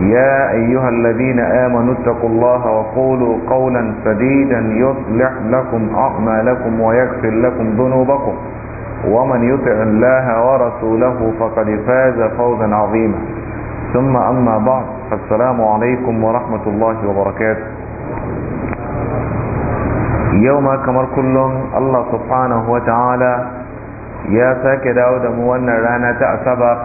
يا أيها الذين آمنوا اتقوا الله وقولوا قولا سديدا يصلح لكم أعمالكم ويغفر لكم ذنوبكم ومن يطع الله ورسوله فقد فاز فوزا عظيما ثم أما بعد فالسلام عليكم ورحمة الله وبركاته يوم كمر كلهم الله سبحانه وتعالى يا ساكي داود موانا رانا تأسبق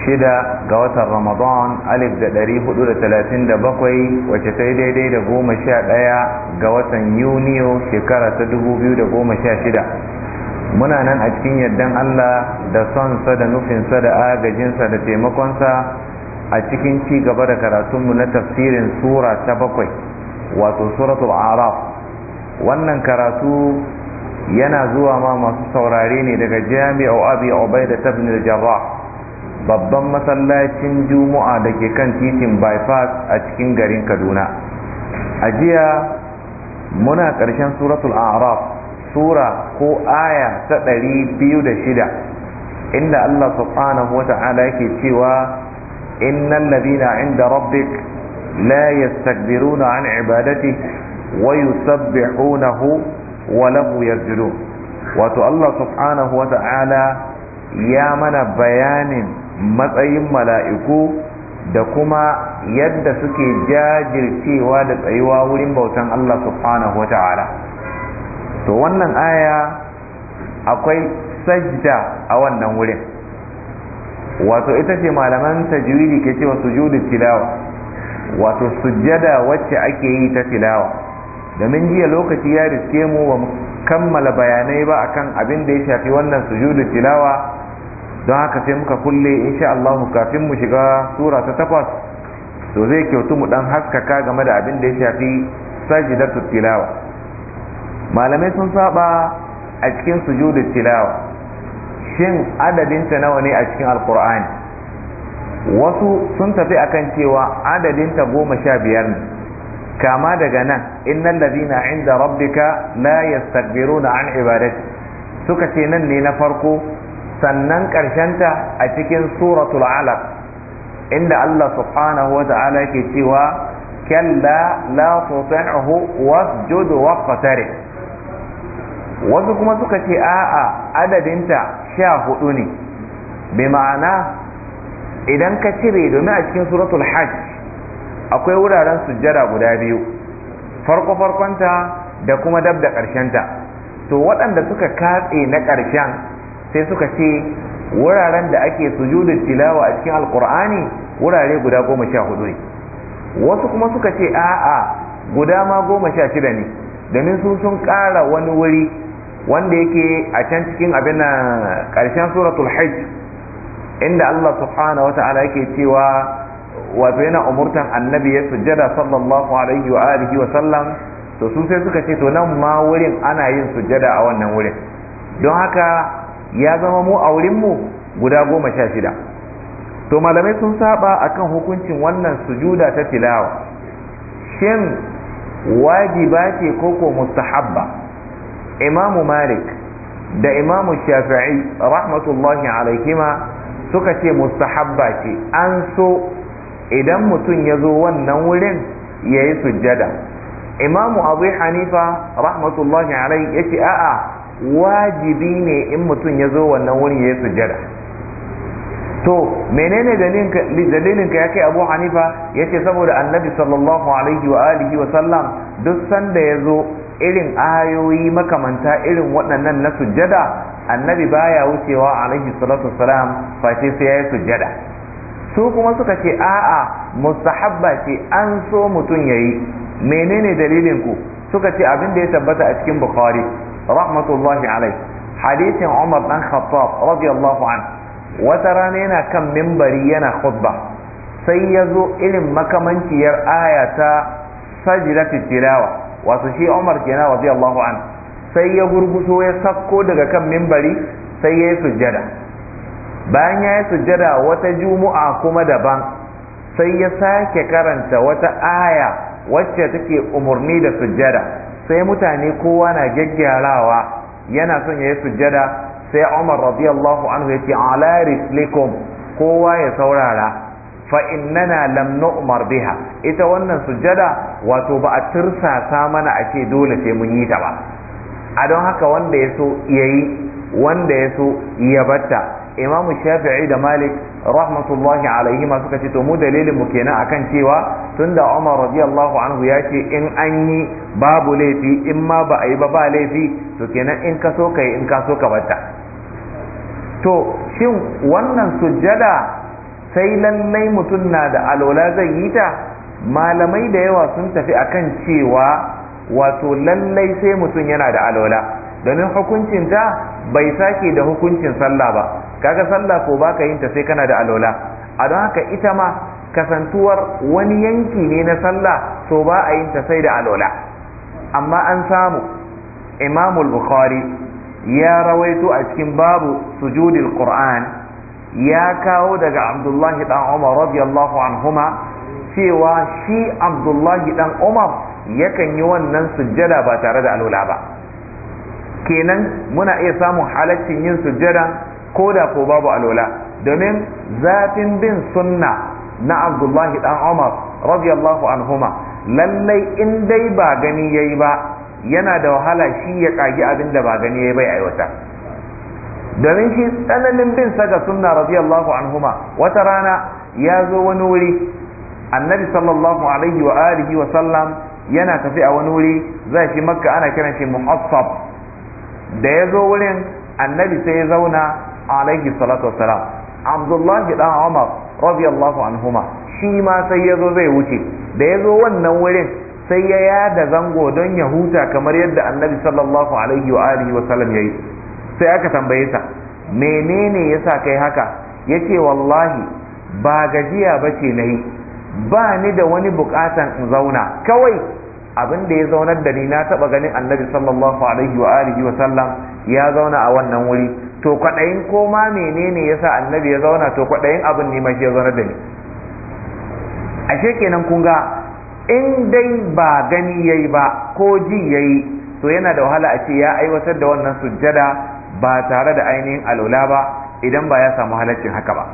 shida ga watan ramadan alif da ɗari hudu da talatin da bakwai wace ta yi daidai da goma sha ɗaya ga watan yuniyo shekara ta dubu biyu da goma sha shida muna nan a cikin yardan allah da sonsa da nufinsa da agajinsa da taimakonsa a cikin ci gaba da karatunmu na tafsirin sura ta bakwai wato suratul araf wannan karatu yana zuwa ma masu saurare ne daga jami'a abi ubaida ibn al-jarrah babban masallacin juma'a da ke kan titin bypass a cikin garin kaduna a jiya muna ƙarshen suratul araf sura ko aya ta ɗari biyu da shida inda allah subhanahu wa ta'ala yake cewa innal ladina inda rabbik la yastakbiruna an ibadati wa yusabbihunahu wa lahu yarjudun wato allah subhanahu wa ta'ala ya mana bayanin matsayin mala'iku da kuma yadda suke jajircewa da tsayuwa wurin bautan Allah subhanahu wa ta'ala to wannan aya akwai sajda a wannan wurin wato ita ce malaman tajwidi ke cewa sujudu tilawa wato sujjada wacce ake yi ta tilawa domin jiya lokaci ya riske mu ba kammala bayanai ba akan abin da ya shafi wannan sujudu tilawa don haka sai muka kulle insha Allah kafin mu shiga sura ta takwas to zai kyautu mu dan haskaka game da abin da ya shafi sajidatu tilawa malamai sun saba a cikin sujudu tilawa shin adadin ta nawa ne a cikin alqur'ani wasu sun tafi akan cewa adadin ta goma sha biyar ne kama daga nan innal ladina inda rabbika la yastakbiruna an ibadati suka ce nan ne na farko sannan ƙarshenta a cikin suratul alaq inda Allah subhanahu wa ta'ala yake cewa kalla la tuti'hu wasjud waqtarib wasu kuma suka ce a'a adadinta sha hudu ne bi ma'ana idan ka cire domin a cikin suratul hajj akwai wuraren sujjada guda biyu farko farkonta da kuma dabda da ƙarshenta to waɗanda suka katse na ƙarshen sai suka ce wuraren da ake sujudu tilawa a cikin alkur'ani wurare guda goma sha hudu ne wasu kuma suka ce a'a guda ma goma sha shida ne domin su sun ƙara wani wuri wanda yake a can cikin abin na ƙarshen suratul hajj inda Allah subhanahu wata'ala yake cewa wato yana umurtan annabi ya sujjada sallallahu alaihi wa alihi wa sallam to su sai suka ce to nan ma wurin ana yin sujjada a wannan wurin don haka ya zama mu a wurinmu guda goma sha shida to malamai sun saba akan hukuncin wannan sujuda ta tilawa shin wajiba ce koko mustahabba imamu malik da imamu shafi'i rahmatullahi alaikima suka ce mustahabba ce an so idan mutum ya zo wannan wurin ya yi sujjada imamu abu hanifa rahmatullahi alaikima ya ce a'a wajibi ne in mutum ya zo wannan wurin ya sujada to menene dalilin ka ya kai abu hanifa ya ce saboda annabi sallallahu alaihi wa alihi wa sallam duk sanda ya zo irin ayoyi makamanta irin waɗannan na sujada annabi baya wucewa alaihi salatu salam face sai ya yi sujada su kuma suka ce a'a mustahabba ce an so mutum yayi menene dalilin ku suka ce abin da ya tabbata a cikin bukhari rahmatullahi alai hadisin umar dan khattab radiyallahu an wata rana yana kan mimbari yana khutba sai ya zo irin makamanciyar aya ta sajidatu tilawa wato shi umar kenan radiyallahu an sai ya gurguso ya sakko daga kan mimbari sai ya yi sujjada bayan ya yi sujjada wata juma'a kuma daban sai ya sake karanta wata aya wacce take umarni da sujjada sai mutane kowa na gaggyarawa yana son ya yi sujjada sai umar radiyallahu anhu ya ce ala rislikum kowa ya saurara fa innana lam nu'mar biha ita wannan sujjada wato ba a tirsasa mana a ce dole sai mun yi ta ba a don haka wanda ya so yayi wanda ya so ya batta Imamu shafi'i da malik rahmatullahi alaihi ma suka ce to mu dalilin mu kenan akan cewa tunda umar radiyallahu anhu ya ce in an yi babu laifi in ma ba a yi ba laifi to kenan in ka so kai in ka so ka bata. to shin wannan sujjada sai lallai mutum na da alola zai yi ta malamai da yawa sun tafi akan cewa wato lallai sai mutum yana da alola domin ta bai sake da hukuncin sallah ba kaga sallah ko baka yin ta sai kana da alola a don haka ita ma kasantuwar wani yanki ne na sallah to ba a yin ta sai da alola amma an samu imamul bukhari ya rawaito a cikin babu sujudil qur'an ya kawo daga abdullahi dan umar radiyallahu anhuma cewa shi abdullahi dan umar yakan yi wannan sujjada ba tare da alola ba kenan muna iya samun halaccin yin sujjada ko da ko babu alola domin zafin bin sunna na abdullahi dan umar radiyallahu anhuma lallai in dai ba gani yayi ba yana da wahala shi ya kagi abin da ba gani yayi bai aiwata domin shi tsananin bin sa ga sunna radiyallahu anhuma wata rana ya zo wani wuri annabi sallallahu alaihi wa alihi wa sallam yana tafi a wani wuri zai shi makka ana kiran shi muhassab da ya zo wurin annabi sai ya zauna alaihi salatu wassalam abdullahi dan umar radiyallahu anhuma shi ma sai yazo zai wuce da ya zo wannan wurin sai ya yada zango don ya huta kamar yadda annabi sallallahu alaihi wa alihi wasallam ya sai aka tambaye sa menene yasa kai haka yace wallahi ba gajiya bace nayi ba ni da wani bukatan in zauna kawai abin da ya zaunar da ni na taba ganin annabi sallallahu alaihi wa alihi wa ya zauna a wannan wuri to kwaɗayin koma menene yasa annabi ya zauna to kwaɗayin abin ne shi ya zauna da ni ashe kenan kun ga in dai ba gani yayi ba ko ji yayi to yana da wahala a ce ya aiwatar da wannan sujjada ba tare da ainihin alula ba idan ba ya samu halaccin haka ba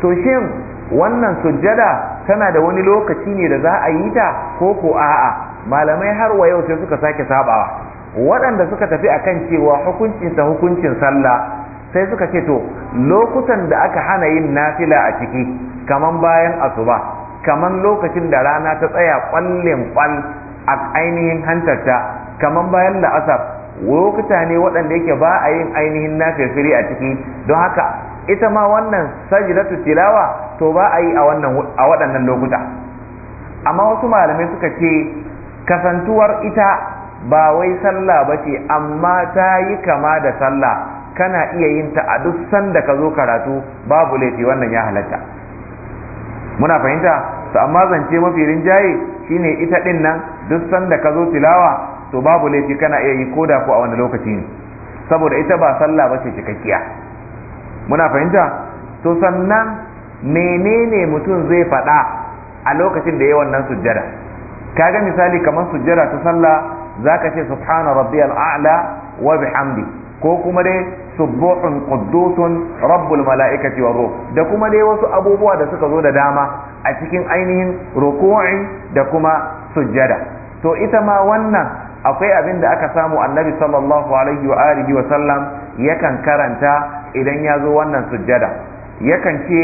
to shin wannan sujjada tana da wani lokaci ne da za a yi ta ko ko a'a malamai har wa yau sai suka sake sabawa waɗanda suka tafi a kan cewa hukuncinsa hukuncin sallah sai suka ce to lokutan da aka hana yin nafila a ciki kaman bayan asuba kaman lokacin da rana ta tsaya kwallin kwal a ainihin hantarta kaman bayan la'asar lokuta ne waɗanda yake ba a yin ainihin nafilfili a ciki don haka ita ma wannan sajidatu tilawa to ba a yi a waɗannan lokuta amma wasu malamai suka ce kasantuwar ita ba wai sallah ba ce amma ta yi kama da sallah kana iya yin ta a duk sanda ka zo karatu babu laifi wannan ya halatta muna fahimta to amma zance mafi rinjaye shine ita din nan duk sanda ka zo tilawa to babu laifi kana iya yi koda ko a wani lokaci ne saboda ita ba sallah ba ce cikakkiya muna fahimta to sannan menene mutum zai faɗa a lokacin da ya wannan sujjada kaga misali kamar sujjada ta sallah zaka ce subhana rabbi a'la wa bihamdi ko kuma dai subuhun quddusun rabbul mala'ikati war ruh da kuma dai wasu abubuwa da suka zo da dama a cikin ainihin ruku'i da kuma sujjada to ita ma wannan akwai abin da aka samu annabi sallallahu alaihi wa alihi wa sallam yakan karanta idan ya zo wannan sujjada yakan ce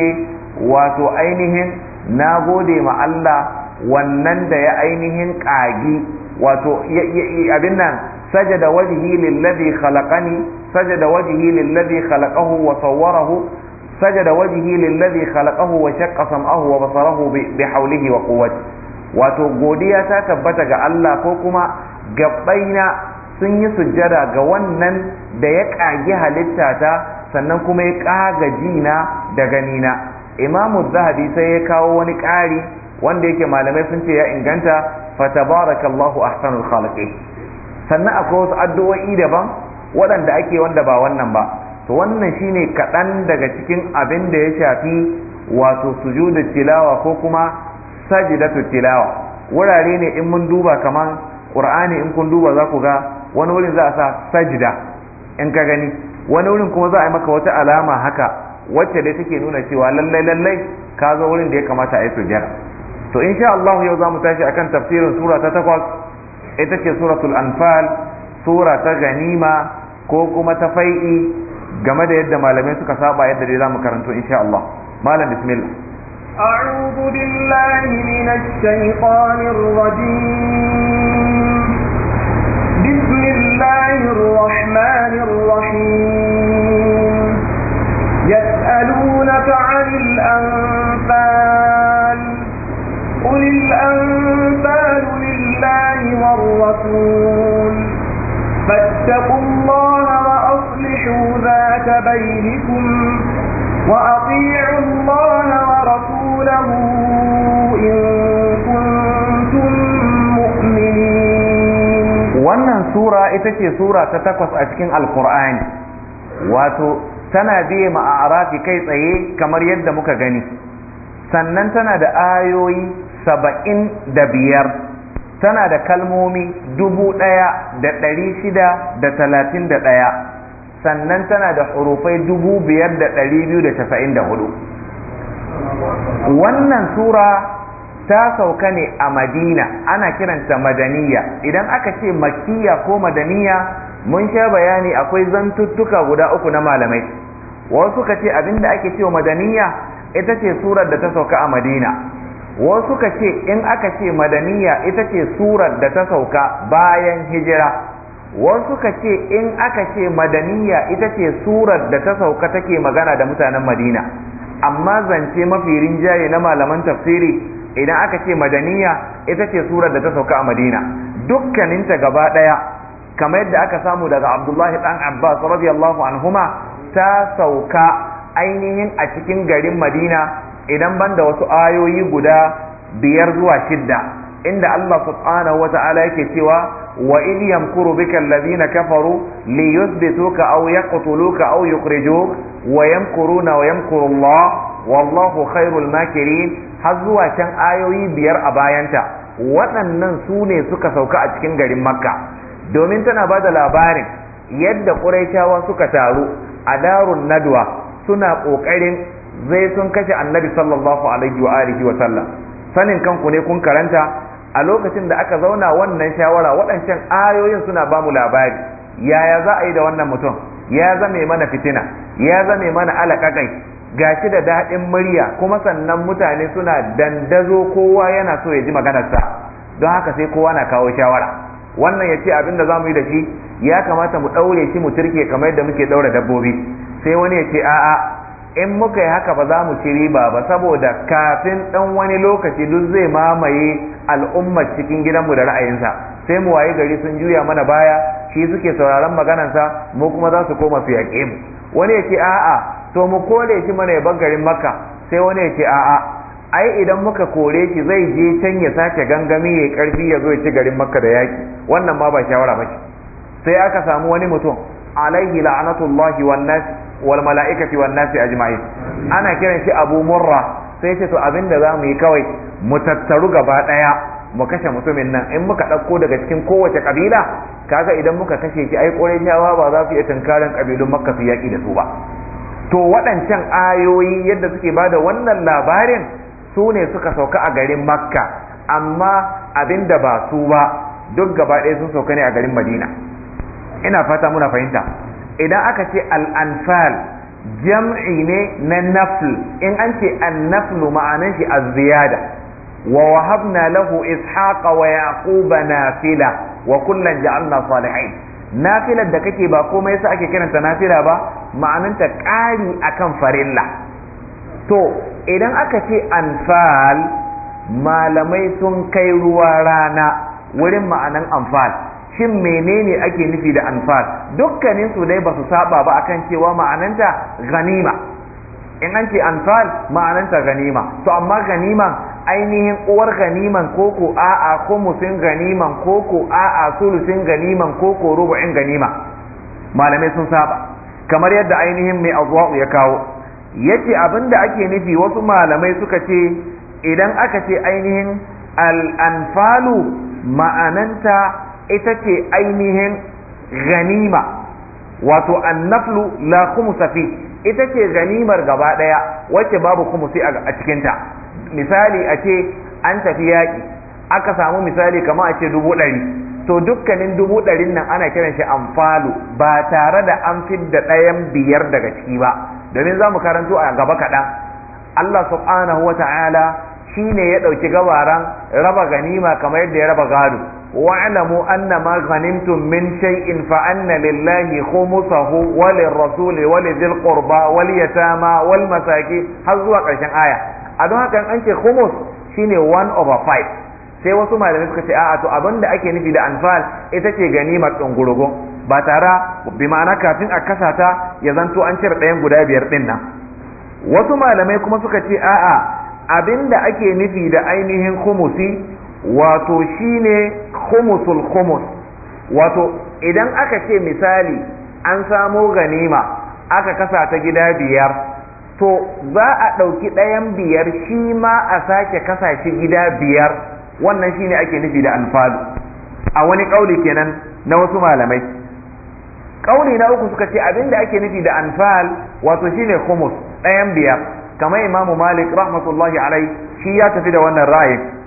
wato ainihin na gode ma Allah wannan da ya ainihin ƙagi wato abin nan sajada wajhi lillazi khalaqani sajada wajihi lillazi khalaqahu wa sawwarahu sajada wajihi lillazi khalaqahu wa shaqqa sam'ahu wa basarahu bi hawlihi wa quwwati wato godiya ta tabbata ga Allah ko kuma gabbaina sun yi sujjada ga wannan da ya kage halitta ta sannan kuma ya kaga jina da ganina imamu zahabi sai ya kawo wani ƙari wanda yake malamai sun ce ya inganta fatabarakallahu ahsanul khaliqin sannan akwai wasu addu'o'i daban waɗanda ake wanda ba wannan ba to wannan shine kaɗan daga cikin abin da ya shafi wato sujudu tilawa ko kuma sajidatu tilawa wurare ne in mun duba kaman ƙur'ani in kun duba za ku ga wani wurin za a sa sajida in ka gani wani wurin kuma za a yi maka wata alama haka wacce dai take nuna cewa lallai lallai ka zo wurin da ya kamata a yi sujjada to insha Allah yau mu tashi akan tafsirin sura ta takwas ita ce suratul anfal sura ta ganima ko kuma ta fai'i game da yadda malamai suka saba yadda dai zamu karanto insha Allah malam bismillah أعوذ بالله من الشيطان الرجيم بسم الله الرحمن الرحيم يسألونك عن الأنفال أولي الأنبال لله والرسول فاتقوا الله وأصلحوا ذات بينكم وأطيعوا الله ورسوله wannan sura ita ce sura ta takwas a cikin alkur'ani wato tana biye ma'arafi kai tsaye kamar yadda muka gani sannan tana da ayoyi saba'in da biyar tana da kalmomi dubu ɗaya da ɗari shida da talatin da ɗaya sannan tana da hurufai dubu biyar da ɗari biyu da tafa'in da hudu wannan sura ta sauka ne a madina ana kiranta madaniya idan aka ce makiya ko madaniya mun sha bayani akwai zantuttuka guda uku na malamai wasu ka ce abinda ake cewa madaniya ita ce surar da ta sauka a madina wasu ka ce in aka ce madaniya ita ce surar da ta sauka bayan hijira wasu ka ce in aka ce madaniya ita ce surar da ta sauka take magana da mutanen madina amma zance mafi rinjaye na malaman tafsiri idan aka ce madaniya ita ce surar da ta sauka a madina dukkaninta gaba ɗaya kamar yadda aka samu daga abdullahi dan abbas radiyallahu anhuma ta sauka ainihin a cikin garin madina idan banda wasu ayoyi guda biyar zuwa shidda inda Allah subhanahu wata'ala yake cewa wa in yamkuru bika alladhina kafaru li yuthbituka aw yaqtuluka aw yukhrijuk wa yamkuruna wa yamkuru Allah wallahu khairul makirin har zuwa can ayoyi biyar a bayanta waɗannan su ne suka sauka a cikin garin makka domin tana ba da labarin yadda ƙuraitawa suka taru a darun nadwa suna ƙoƙarin zai sun kashe annabi sallallahu alaihi wa alihi wa sallam sanin kanku ne kun karanta a lokacin da aka zauna wannan shawara waɗancan ayoyin suna ba mu labari yaya za a yi da wannan mutum ya zame mana fitina ya zame mana alaƙaƙai gashi da daɗin murya kuma sannan mutane suna dandazo kowa yana so ya ji maganarsa don haka sai kowa na kawo shawara wannan ya ce abin da za mu yi da shi ya kamata mu ɗaure shi mu turke kamar yadda muke ɗaure dabbobi sai wani ya ce a'a in muka yi haka ba za mu ci riba ba saboda kafin ɗan wani lokaci duk zai mamaye al'ummar cikin gidanmu da ra'ayinsa sai mu waye gari sun juya mana baya shi suke sauraron maganarsa mu kuma za su koma su yaƙe mu wani ya ce a'a to mu kore shi mana ya garin makka sai wani ya ce a'a ai idan muka kore shi zai je can ya sake gangami ya karfi ya zo ya ci garin makka da yaƙi wannan ma ba shawara ba sai aka samu wani mutum alaihi la'anatullahi wan nasi wal mala'ikati wan nasi ajma'in ana kiran shi abu murra sai ce to abin da za mu yi kawai mu tattaru gaba ɗaya mu kashe mutumin nan in muka ɗauko daga cikin kowace kabila, kaga idan muka kashe shi ai yawa ba za su iya tunkarin kabilun makka su yaƙi da su ba to waɗancan ayoyi yadda suke ba da wannan labarin su ne suka sauka a garin makka amma abin da ba su ba duk gaba ɗaya sun sauka ne a garin madina ina fata muna fahimta idan aka ce al'anfal jam'i ne na nafl in an ce annaflu ma'anan shi a ziyada wa wahabna lahu ishaqa wa yaquba nafila wa kullan ja'alna salihin nafilar da kake ba komai yasa ake kiranta nafila ba ma'ananta ƙari akan farilla to idan aka ce anfal malamai sun kai ruwa rana wurin ma'anan anfal shin menene ake nufi da anfal dukkanin su dai ba su saba ba akan cewa ma'ananta ganima in an ce anfal ma'ananta ganima to amma ganiman ainihin uwar ganiman koko a'a kumusin ganiman koko a'a sulusin ganiman koko rubu'in ganima malamai sun saba kamar yadda ainihin mai azwa'u ya kawo yace abinda ake nufi wasu malamai suka ce idan aka ce ainihin al-anfalu ma'ananta ita ce ainihin ganima wato annaflu la khumsa fi ita ce ganimar gaba daya wacce babu khumsi a cikinta misali a ce an tafi yaƙi aka samu misali kamar a ce dubu ɗari to dukkanin dubu ɗarin nan ana kiran shi amfalu ba tare da an fidda ɗayan biyar daga ciki ba domin za mu karanto a gaba kaɗan Allah subhanahu wa ta'ala shi ne ya ɗauki gabaran raba ganima kamar yadda ya raba gado واعلموا أن ما غنمتم من شيء فأن لله خمسه وللرسول ولذي القربى واليتامى والمساكين har zuwa ƙarshen aya a don haka an ce khumus shine one over five sai wasu malamai suka ce a'a to abin da ake nufi da anfal ita ce ganimar ɗungurugu ba tara bi ma'ana kafin a kasata ta ya zanto an cire ɗayan guda biyar ɗin wasu malamai kuma suka ce a'a abin da ake nufi da ainihin kumusi wato shine khumusul khumus wato idan aka ce misali an samo ganima aka kasa ta gida biyar to za a ɗauki ɗayan biyar shi ma a sake kasa shi gida biyar wannan shine ake nufi da alfalu a wani ƙauli kenan na wasu malamai ƙauli na uku suka ce abinda ake nufi da anfal wato shine khumus ɗayan biyar kamar imamu malik rahmatullahi alai shi ya tafi da wannan ra'ayin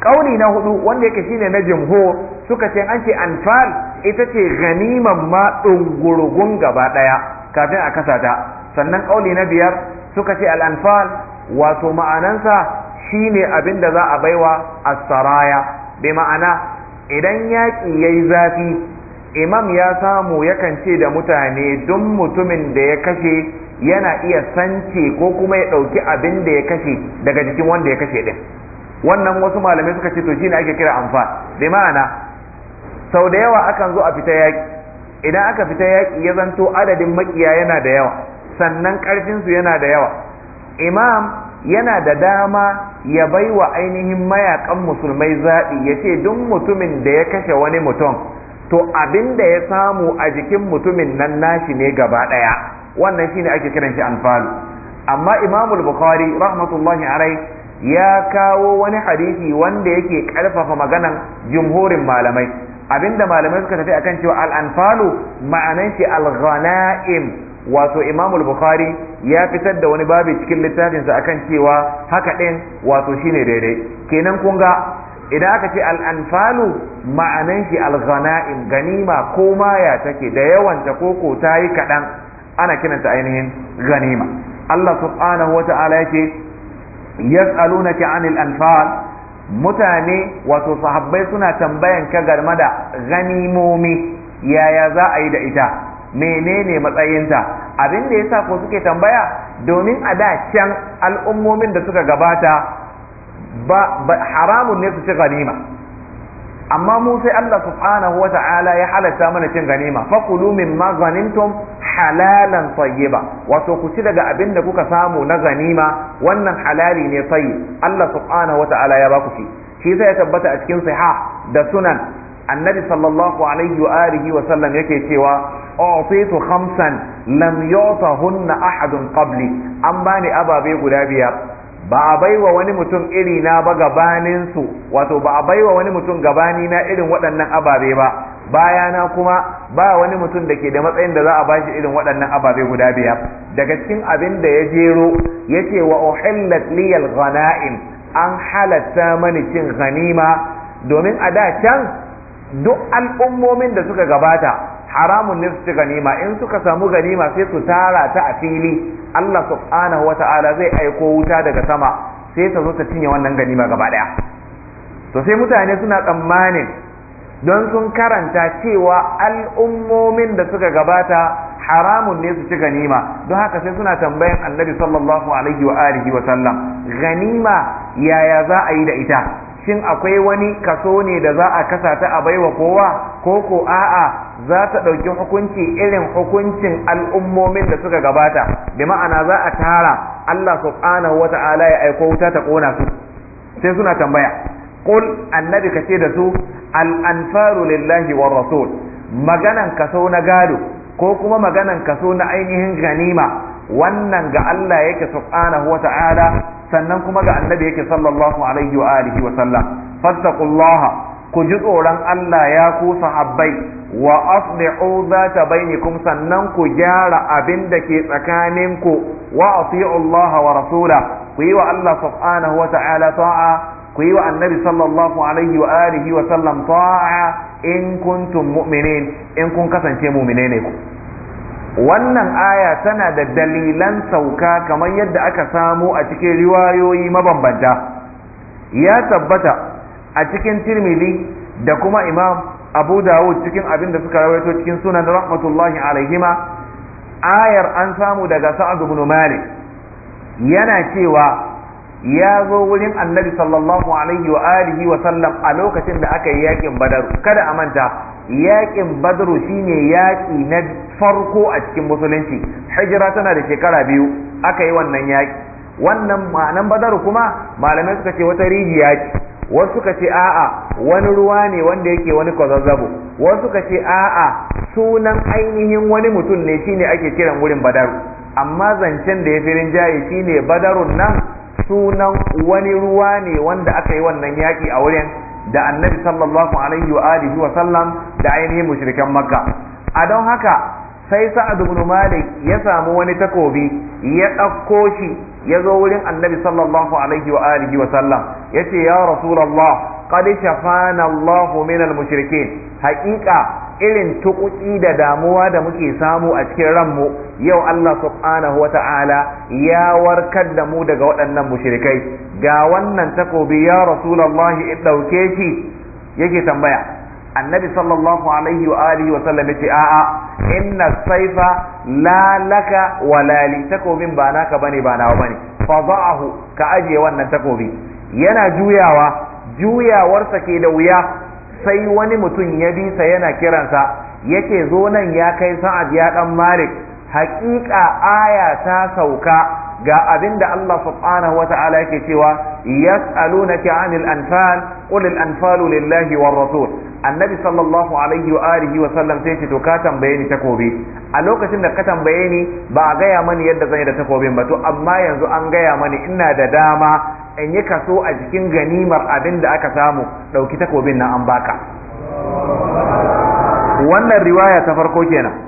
kauni na hudu wanda yake shine na jumhur suka ce an ce anfal ita ce ganiman ma dungurgun gaba daya kafin a kasata sannan kauni na biyar suka ce al anfal wato ma'anansa shine abin da za a baiwa as-saraya bi ma'ana idan yaki yayi zafi imam ya samu yakan ce da mutane duk mutumin da ya kashe yana iya sance ko kuma ya ɗauki abin da ya kashe daga jikin wanda ya kashe din wannan wasu malamai suka ce to shine ake kira anfa bi ma'ana sau da yawa akan zo a fita yaki idan aka fita yaki ya zanto adadin makiya yana da yawa sannan karfin su yana da yawa imam yana da dama ya baiwa ainihin mayakan musulmai zaɓi ya ce duk mutumin da ya kashe wani mutum to abin da ya samu a jikin mutumin nan nashi ne gaba ɗaya wannan shine ake kiran shi anfalu amma imamul bukhari rahmatullahi alai ya kawo wani hadisi wanda yake ƙarfafa maganan jumhurin malamai abinda malamai suka tafi akan cewa al-anfalu ma'anan shi al-ghanaim wato Imam al-Bukhari ya fitar da wani babu cikin littafin akan cewa haka din wato shine daidai kenan kun ga idan aka ce al-anfalu ma'anan shi al-ghanaim ganima ko maya take da yawan ta koko tayi kadan ana kiranta ainihin ganima Allah subhanahu wa ta'ala yake yas'alunaka anil anfal mutane wato sahabbai suna tambayan ka garma da ganimomi yaya za a yi da ita menene matsayinta abin da yasa ko suke tambaya domin a da can al'ummomin da suka gabata ba haramun ne su ci ganima amma mu sai Allah subhanahu wata'ala ya halatta mana cin ganima faqulu mimma ghanimtum halalan tayyiba wato ku ci daga abin da kuka samu na ganima wannan halali ne tayyib Allah subhanahu wata'ala ya baku shi shi sai ya tabbata a cikin sahih da sunan annabi sallallahu alaihi wa alihi wa sallam yake cewa utitu khamsan lam yutahunna ahadun qabli an bani ababe guda biyar ba a baiwa wani mutum iri na ba gabanin wato ba a baiwa wani mutum gabani na irin waɗannan ababe ba baya na kuma ba wani mutum da ke da matsayin da za a bashi irin waɗannan ababe guda biyar daga cikin abin da ya jero ya ce wa uhillat liyal ghana'im an halatta mani cin ghanima domin a da can duk al'ummomin da suka gabata haramun ne su ci ganima in suka samu ganima sai su tara ta a fili Allah subhanahu wa ta'ala zai aiko wuta daga sama sai ta zo ta cinye wannan ganima gaba daya to sai mutane suna tsammanin don sun karanta cewa al'ummomin da suka gabata haramun ne su ci ganima don haka sai suna tambayan annabi sallallahu alaihi wa alihi wa sallam ganima yaya za a yi da ita shin akwai wani kaso ne da za a kasa ta a baiwa kowa ko ko a'a za ta ɗauki hukunci irin hukuncin al'ummomin da suka gabata bi ma'ana za a tara Allah subhanahu ta'ala ya aiko wuta ta kona su sai suna tambaya Kul annabi kace da su al anfaru lillahi war rasul maganan kaso na gado ko kuma maganan kaso na ainihin ganima wannan ga Allah yake subhanahu ta'ala sannan kuma ga annabi yake sallallahu alaihi wa alihi wa sallam fattaqullaha ku ji tsoron Allah ya ku sahabbai wa aslihu zata bainakum sannan ku gyara abin da ke tsakanin ku wa asi'u Allah wa rasula ku yi wa Allah subhanahu wa ta'ala ta'a ku yi wa annabi sallallahu alaihi wa alihi wa sallam ta'a in kuntum mu'minin in kun kasance mu'mine ne ku wannan aya tana da dalilan sauka kamar yadda aka samu a cikin riwayoyi mabambanta ya tabbata a cikin tirmidhi da kuma imam abu dawud cikin abin da suka rawaito cikin sunan rahmatullahi alaihima ayar an samu daga sa'ad ibn malik yana cewa ya zo wurin annabi sallallahu alaihi wa alihi wa sallam a lokacin da aka yi yakin badaru kada a manta yakin badaru shine yaki na farko a cikin musulunci hijira tana da shekara biyu aka yi wannan yaki wannan ma'anan badaru kuma malamai suka ce wata rijiya ce wasu suka ce a'a wani ruwa ne wanda yake wani kwazazzabo wasu suka ce a'a sunan ainihin wani mutum ne shine ake kiran wurin badar amma zancen da ya fi rinjaye shine badarun nan sunan wani ruwa ne wanda aka yi wannan yaki a wurin da annabi sallallahu alaihi wa alihi wa sallam da ainihin mushrikan makka a don haka sai sa'ad ibn malik ya samu wani takobi ya ɗauko shi ya zo wurin annabi sallallahu alaihi wa alihi wa sallam yace ya rasulullah qad shafana allah min al mushrikin haqiqa irin tukuki da damuwa da muke samu a cikin ranmu yau Allah subhanahu wata'ala ya warkar da mu daga waɗannan mushrikai ga wannan takobi ya rasulallahi in ɗauke shi yake tambaya annabi sallallahu alaihi wa alihi wa sallam yace a'a inna saifa la laka wa la li takobin ba naka bane ba nawa bane za'ahu ka ajiye wannan takobi yana juyawa juyawarsa ke da wuya sai wani mutum ya bisa yana kiransa yake zo nan ya kai sa'ad ya dan malik haƙiƙa aya ta sauka ga abin da Allah subhanahu wa ta'ala yake cewa yas'alunaka 'anil anfal qul al anfalu lillahi war rasul annabi sallallahu alaihi wa alihi wa sallam sai ce to ka tambaye ni takobi a lokacin da ka tambaye ni ba a gaya mani yadda zan yi da takobin ba to amma yanzu an gaya mani ina da dama in yi kaso a cikin ganimar abin da aka samu ɗauki takobin na an baka wannan riwaya ta farko kenan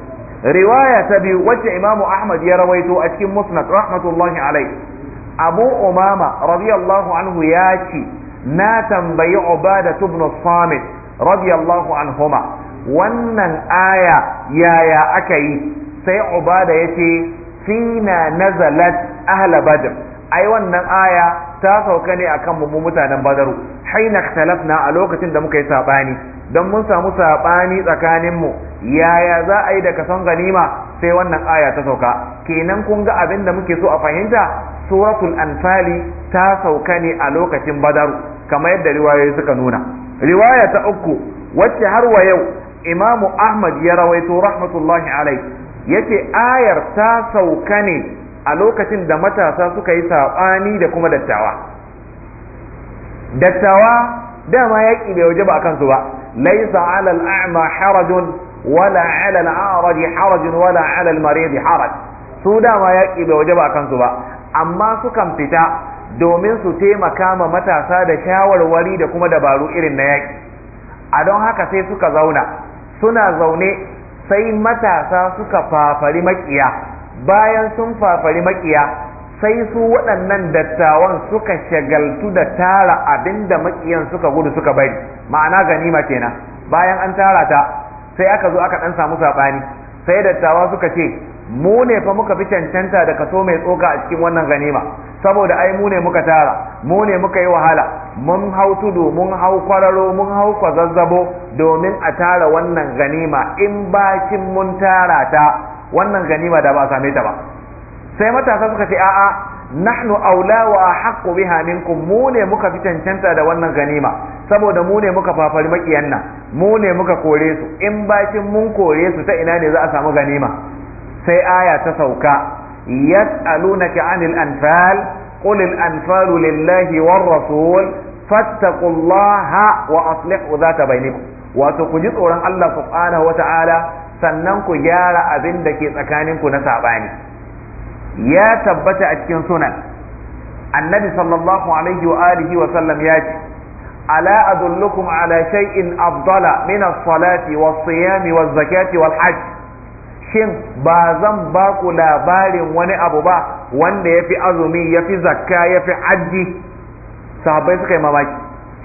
riwaya ta biyu wacce imamu ahmad ya rawaito a cikin musnad rahmatullahi alai abu umama radiyallahu anhu ya ce na tambayi ubada ibn samit radiyallahu anhuma wannan aya yaya aka yi sai ubada yace fina nazalat ahla badr ai wannan aya ta sauka ne akan mu mutanen badaru haina ikhtalafna a lokacin da muka yi sabani don mun samu sabani tsakanin mu yaya za a yi da san ganima sai wannan aya ta sauka kenan kun ga abin da muke so a fahimta suratul anfali ta sauka ne a lokacin badaru kamar yadda riwayoyi suka nuna riwaya ta uku wacce har wa yau imamu ahmad ya rawaito rahmatullahi alai yace ayar ta sauka ne a lokacin da matasa suka yi saɓani da kuma dattawa dattawa dama yaƙi bai waje ba a kansu ba laisa alal a'ma harajun wala alal aradi harajun wala alal maridi haraj su dama yaƙi bai waje ba a kansu ba amma sukan fita domin su taimaka ma matasa da shawarwari da kuma dabaru irin na yaƙi a don haka sai suka zauna suna zaune sai matasa suka fafari makiya bayan sun fafari makiya sai su waɗannan dattawan suka shagaltu da tara abin da makiyan suka gudu suka bari ma'ana ganima kenan bayan an tara ta sai aka zo aka ɗan samu saɓani sai dattawa suka ce mu ne fa muka fi cancanta da kaso mai tsoka a cikin wannan ganima saboda ai mu ne muka tara mu ne muka yi wahala mun hau tudu mun hau kwararo mun hau kwazazzabo domin a tara wannan ganima in bakin mun tara ta wannan ganima da ba same ta ba sai matasa suka ce a'a nahnu aula wa haqqu biha minkum mu ne muka fi cancanta da wannan ganima saboda mu ne muka fafari makiyan nan mu ne muka kore su in bakin mun kore su ta ina ne za a samu ganima sai aya ta sauka yas'alunaka 'anil anfal qul al anfalu lillahi war rasul fattaqullaha wa aslihu zata bainakum wato ku ji tsoron Allah subhanahu wa ta'ala sannan ku gyara abin da ke tsakaninku na saɓani. ya tabbata a cikin sunan annabi sallallahu alaihi wa alihi wa sallam ya ce ala adullukum ala shay'in afdala min as wa siyami waz-zakati wal-hajj shin ba zan ba ku labarin wani abu ba wanda ya fi azumi yafi zakka yafi fi hajji sahabbai suka yi mamaki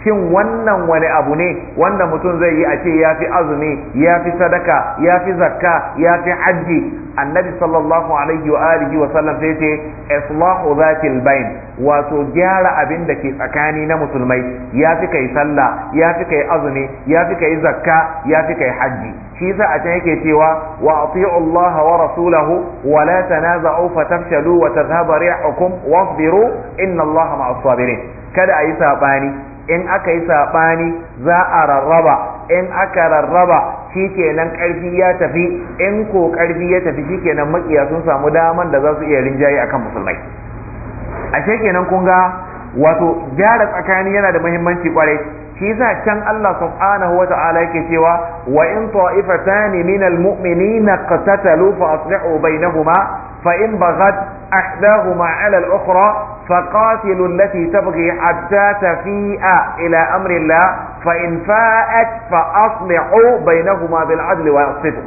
shin wannan wani abu ne wanda mutum zai yi a ce ya fi azumi ya fi sadaka ya fi zakka ya fi hajji annabi sallallahu alaihi wa alihi wa sallam sai ce islahu zatil bain wato gyara abin da ke tsakani na musulmai ya fi kai sallah ya fi kai azumi ya fi kai zakka ya fi kai hajji shi yasa a can yake cewa wa ati'u Allah wa rasulahu wa la tanaza'u fatafshalu wa tadhhaba rihukum wasbiru inna Allah ma'as sabirin kada a yi sabani in aka yi saɓani za a rarraba in aka rarraba shikenan ƙarfi ya tafi in ko ƙarfi ya tafi shikenan makiya sun samu daman da za su iya rinjaye akan musulmai a kenan kun ga wato gyara tsakani yana da muhimmanci kwarai shi yasa can Allah subhanahu wata'ala yake cewa wa in ta'ifatani minal mu'minina qatatalu fa aslihu bainahuma fa in baghat ahdahuma 'ala al-ukhra فقاتلوا التي تبغي حتى تفيء إلى أمر الله فإن فاءت فأصلحوا بينهما بالعدل وأقسطوا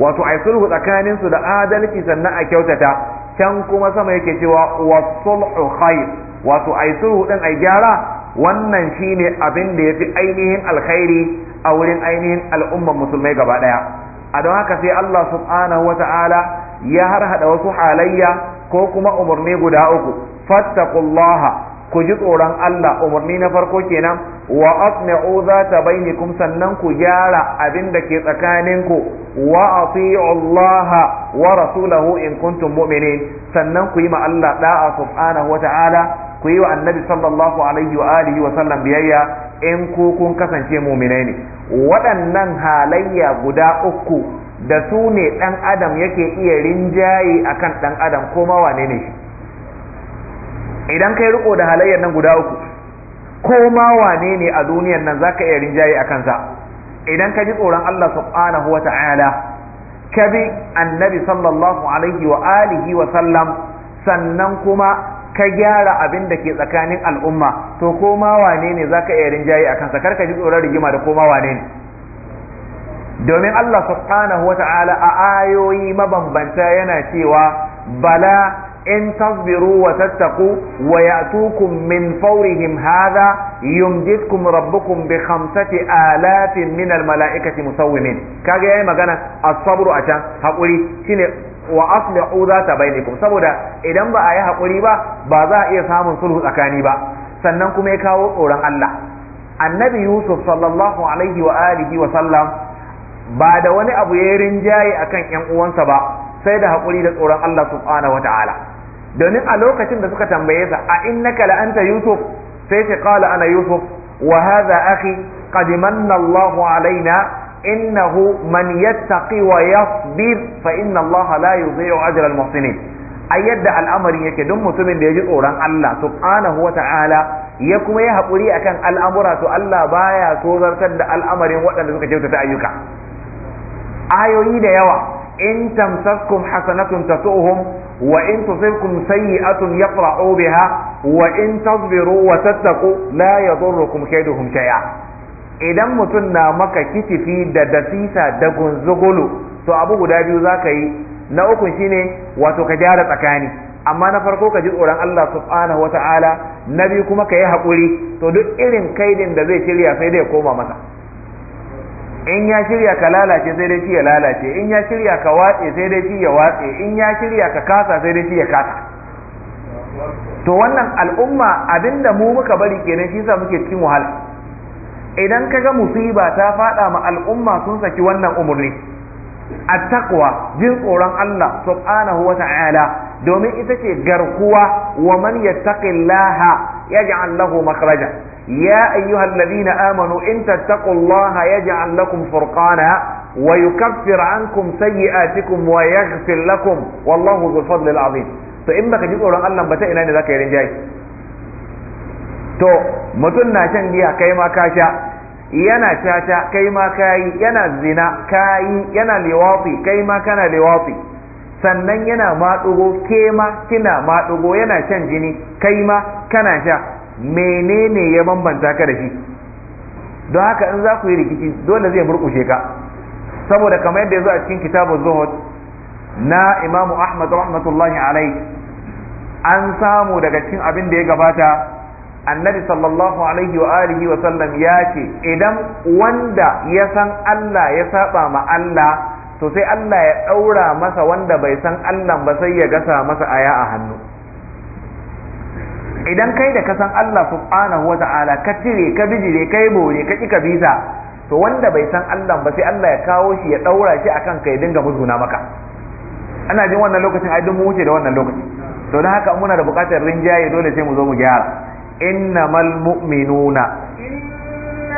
wato ai sulhu tsakanin su da adalci sannan a kyautata can kuma sama yake cewa wasulhu khair wato ai sulhu din a gyara wannan shine abin da yafi ainihin alkhairi a wurin ainihin al'umman musulmai gaba daya a don haka sai Allah subhanahu wata'ala ya harhaɗa wasu halayya ko kuma umarni guda uku fattaqullaha ku ji tsoron Allah umarni na farko kenan wa asmi'u zata bainakum sannan ku gyara abin da ke tsakaninku wa ati'u Allah wa rasulahu in kuntum mu'minin sannan ku yi ma Allah da'a subhanahu wata'ala ku yi wa annabi sallallahu alaihi wa alihi wa sallam biyayya in ku kun kasance mu'minai ne waɗannan halayya guda uku da su ne ɗan adam yake iya rinjaye akan ɗan adam ko ma wane ne shi idan kai riko da halayyar nan guda uku ko ma wane ne a duniyar nan zaka iya rinjaye a kansa idan ka ji tsoron Allah subhanahu wata'ala ka bi annabi sallallahu alaihi wa alihi wa sallam sannan kuma ka gyara abin da ke tsakanin al'umma to ko ma wane ne zaka iya rinjaye a kansa Kar ka ji tsoron rigima da ko ma wane ne domin Allah subhanahu wata'ala a ayoyi mabambanta yana cewa bala in tasbiru wa tattaku wa ya'tukum min fawrihim hadha yumdidkum rabbukum bi khamsati alatin min al mala'ikati musawwimin kaga yayi magana as-sabru a can hakuri shine wa aslihu zata bainakum saboda idan ba a yi hakuri ba ba za a iya samun sulhu tsakani ba sannan kuma ya kawo tsoron Allah annabi Yusuf sallallahu alaihi wa alihi wa sallam ba da wani abu ya rinjaye akan yan uwansa ba sai da haƙuri da tsoron Allah subhanahu domin a lokacin da suka tambaye sa a innaka la anta yusuf sai ce qala ana yusuf wa hadha akhi qad manna Allah alaina innahu man yattaqi wa yasbir fa inna Allah la yudhi'u ajra al muhsinin ai yadda al'amarin yake don mutumin da ya ji tsoron Allah subhanahu wa ta'ala ya kuma yi haƙuri akan al'amura to Allah baya tozartar da al'amarin waɗanda suka kyautata ayyuka ayoyi da yawa in tamsaskum hasanatun tasuhum وإن تصبكم سيئة يفرحوا بها وإن تصبروا وتتقوا لا يضركم كيدهم شيئا idan mutum na maka kitifi da dasisa da gunzugulu to abu guda biyu za ka yi na uku shine wato ka gyara tsakani amma na farko ka ji tsoron Allah subhanahu wata'ala na biyu kuma ka yi haƙuri to duk irin kaidin da zai shirya sai dai koma masa in ya shirya ka lalace sai dai shi ya lalace in ya shirya ka watse sai dai shi ya watse in ya shirya ka kasa sai dai shi ya kasa to wannan al'umma abinda mu muka bari kenan shi sa muke cikin wahala idan ga musiba ta fada ma al'umma sun saki wannan umurni taqwa jin tsoron Allah subhanahu wa ta'ala domin ita ce garkuwa wa man yattaqillaha yaj'al lahu makhraja يا أيها الذين آمنوا إن تتقوا الله يجعل لكم فرقانا ويكفر عنكم سيئاتكم ويغفر لكم والله ذو الفضل العظيم to in baka ji tsoron Allah ba ta ina ne zaka yi rinjaye to mutum na shan giya kai ma ka sha yana caca kai ma ka yi yana zina ka yi yana lewafi, kai ma kana lewafi, sannan yana maɗigo, ke ma kina maɗugo yana shan jini kai ma kana sha menene ya bambanta ka da shi don haka in za ku yi rikici dole zai murkushe ka saboda kamar yadda ya zo a cikin kitabu zuhud na imamu ahmad rahmatullahi alai an samu daga cikin abin da ya gabata annabi sallallahu alaihi wa alihi wa sallam ya ce idan wanda ya san allah ya saba ma allah to sai allah ya ɗaura masa wanda bai san allah ba sai ya gasa masa aya a hannu idan kai da kasan Allah subhanahu wa ta'ala ka cire ka bijire kai bore ka ka bisa to wanda bai san Allah ba sai Allah ya kawo shi ya ɗaura shi akan kai dinga muzuna maka ana jin wannan lokacin ai duk mu wuce da wannan lokaci to don haka muna da bukatar rinjaye dole sai mu zo mu gyara innamal mu'minuna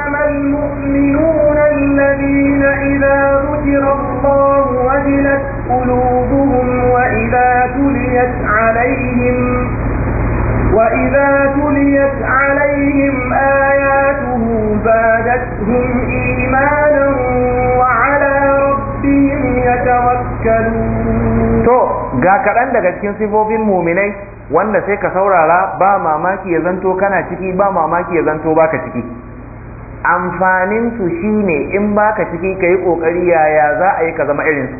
mu'minuna alladhina الذين إذا ذكر الله qulubuhum wa وإذا tuliyat عليهم وإذا تليت عليهم آياته زادتهم إيمانا وعلى ربهم يتوكلون تو ga kaɗan daga cikin sifofin muminai wanda sai ka saurara ba mamaki ya zanto kana ciki ba mamaki ya zanto baka ciki amfanin su shine in baka ciki kayi kokari ƙoƙari yaya za a yi ka zama irin su,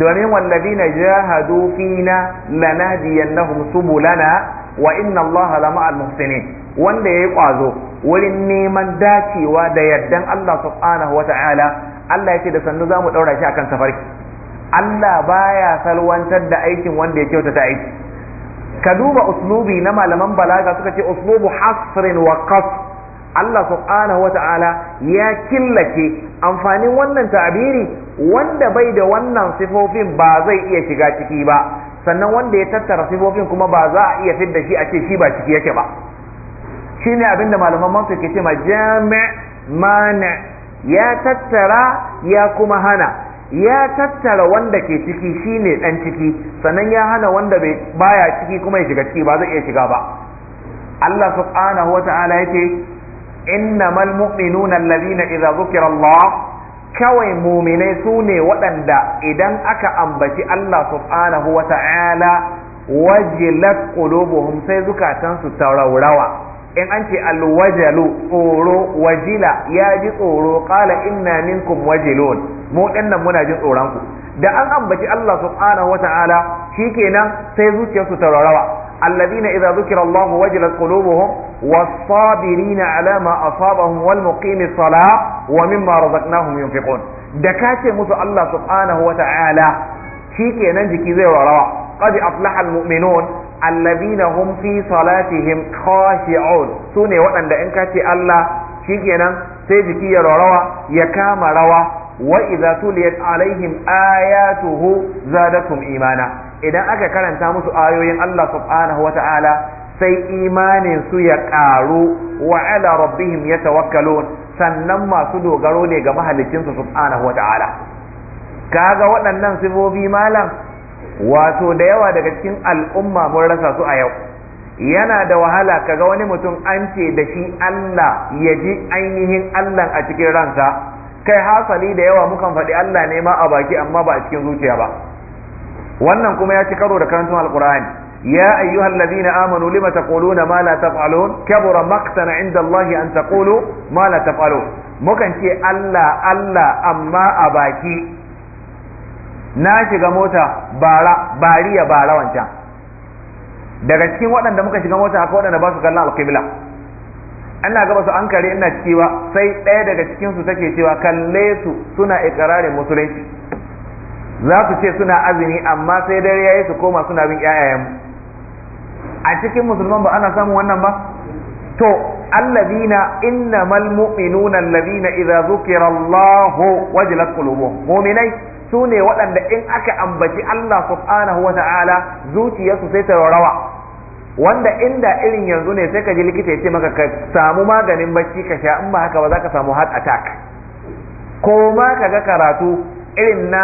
domin wallazina jahadu fina lanadiyannahum subulana wa inna allaha la ma'al muhsinin wanda yi kwazo wurin neman dacewa da yardan Allah subhanahu wata'ala Allah ce da sannu zamu daura shi akan safarki Allah baya salwantar da aikin wanda ya ta aiki ka duba uslubi na malaman balaga suka ce uslubu hasrin wa qasr Allah subhanahu wata'ala ya killace amfanin wannan ta'abiri wanda bai da wannan sifofin ba zai iya shiga ciki ba sannan wanda ya tattara sifofin kuma ba za a iya fidda shi a ce shi ba ciki yake ba shine abin da malaman mansu ke ce ma jami' mana ya tattara ya kuma hana ya tattara wanda ke ciki shine dan ciki sannan ya hana wanda bai baya ciki kuma ya shiga ciki ba zai iya shiga ba Allah subhanahu wata'ala yake innamal mu'minuna alladhina idza dhukira Allah kawai muminai su ne waɗanda idan aka ambaci Allah subhanahu wa ta'ala wajilat qulubuhum sai zukatansu raurawa in an ce alwajalu tsoro wajila ya ji tsoro qala inna minkum wajilun mu dinnan muna jin tsoronku, da an ambaci Allah subhanahu wa ta'ala shikenan sai zuciyarsu Allah alladhina idza dhukira Allah wajilat qulubuhum والصابرين على ما أصابهم والمقيم الصلاة ومما رزقناهم ينفقون دكاتي مسو الله سبحانه وتعالى شيكي ننجكي زي وروا قد أفلح المؤمنون الذين هم في صلاتهم خاشعون سوني وأن دا إنكاتي الله شيكي نن سيجكي روا يكام روا وإذا تليت عليهم آياته زادتهم إيمانا إذا أكا كان تامس آيوين الله سبحانه وتعالى sai imanin su ya ƙaru wa ala rabbihim yatawakkalun sannan masu dogaro ne ga su subhanahu wata'ala kaga waɗannan sifofi malam wato da yawa daga cikin al'umma mun rasa su a yau yana da wahala kaga wani mutum an ce da shi Allah ya ji ainihin Allah a cikin ransa kai hasali da yawa mukan faɗi Allah ne ma a baki amma ba a cikin zuciya ba wannan kuma ya ci karo da karantun alkur'ani يا أيها الذين آمنوا لما تقولون ما لا تفعلون كبر مقتا عند الله أن تقولوا ما لا تفعلون mukan ce Allah Allah amma a baki na shiga mota بارا bariya daga cikin waɗanda muka shiga mota akwai waɗanda ba su kallon alƙibla Ina gaba su an kare ina cewa sai ɗaya daga cikin su take cewa kalle su suna iƙirarin musulunci za su ce suna azumi amma sai dare yayi su koma suna bin ƴaƴayen mu a cikin musulman ba ana samun wannan ba to allazina innamal mu'minuna allazina idza zukira Allah wajilat qulubuhum mu'minai sune waɗanda in aka ambaci Allah subhanahu wata'ala zuciyarsu sai ta rawa wanda inda irin yanzu ne sai ka ji likita ya ce maka ka samu maganin bacci ka sha in ba haka ba za ka samu heart attack ko ma ka ga karatu irin na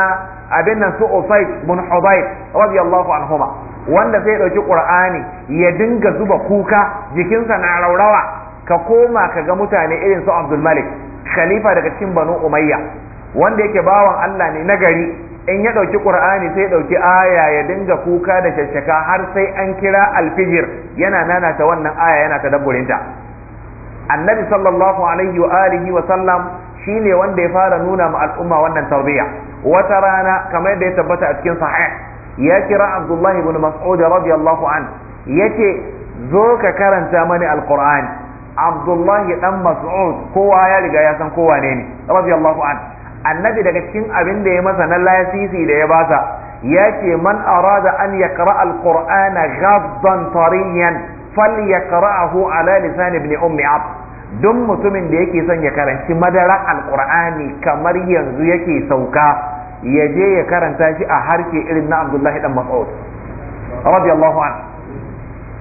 abin nan su Usayd bin Hudayr radiyallahu anhuma wanda zai ɗauki ƙur'ani ya dinga zuba kuka jikinsa na raurawa ka koma ka ga mutane irin su abdul malik khalifa daga cikin banu umayya wanda yake bawan allah ne nagari in ya ɗauki ƙur'ani sai ya ɗauki aya ya dinga kuka da shashaka har sai an kira alfijir yana nanata wannan aya yana tadabburinta annabi sallallahu alaihi wa alihi wa sallam shine wanda ya fara nuna ma al'umma wannan tarbiyya wata rana kamar yadda ya tabbata a cikin sahih ya kira abdullahi ibn mas'ud radiyallahu an yace zo ka karanta mani alqur'ani abdullahi dan mas'ud kowa ya riga ya san kowa ne radiyallahu an annabi daga cikin abin da ya masa na lasisi da ya basa yace man arada an yaqra alqur'ana ghaddan tariyan falyaqra'ahu ala lisan ibn ummi Ab. don mutumin da yake son ya karanci madarar alkur'ani kamar yanzu yake sauka ya je ya karanta shi a harshe irin na abdullahi dan mas'ud radiyallahu an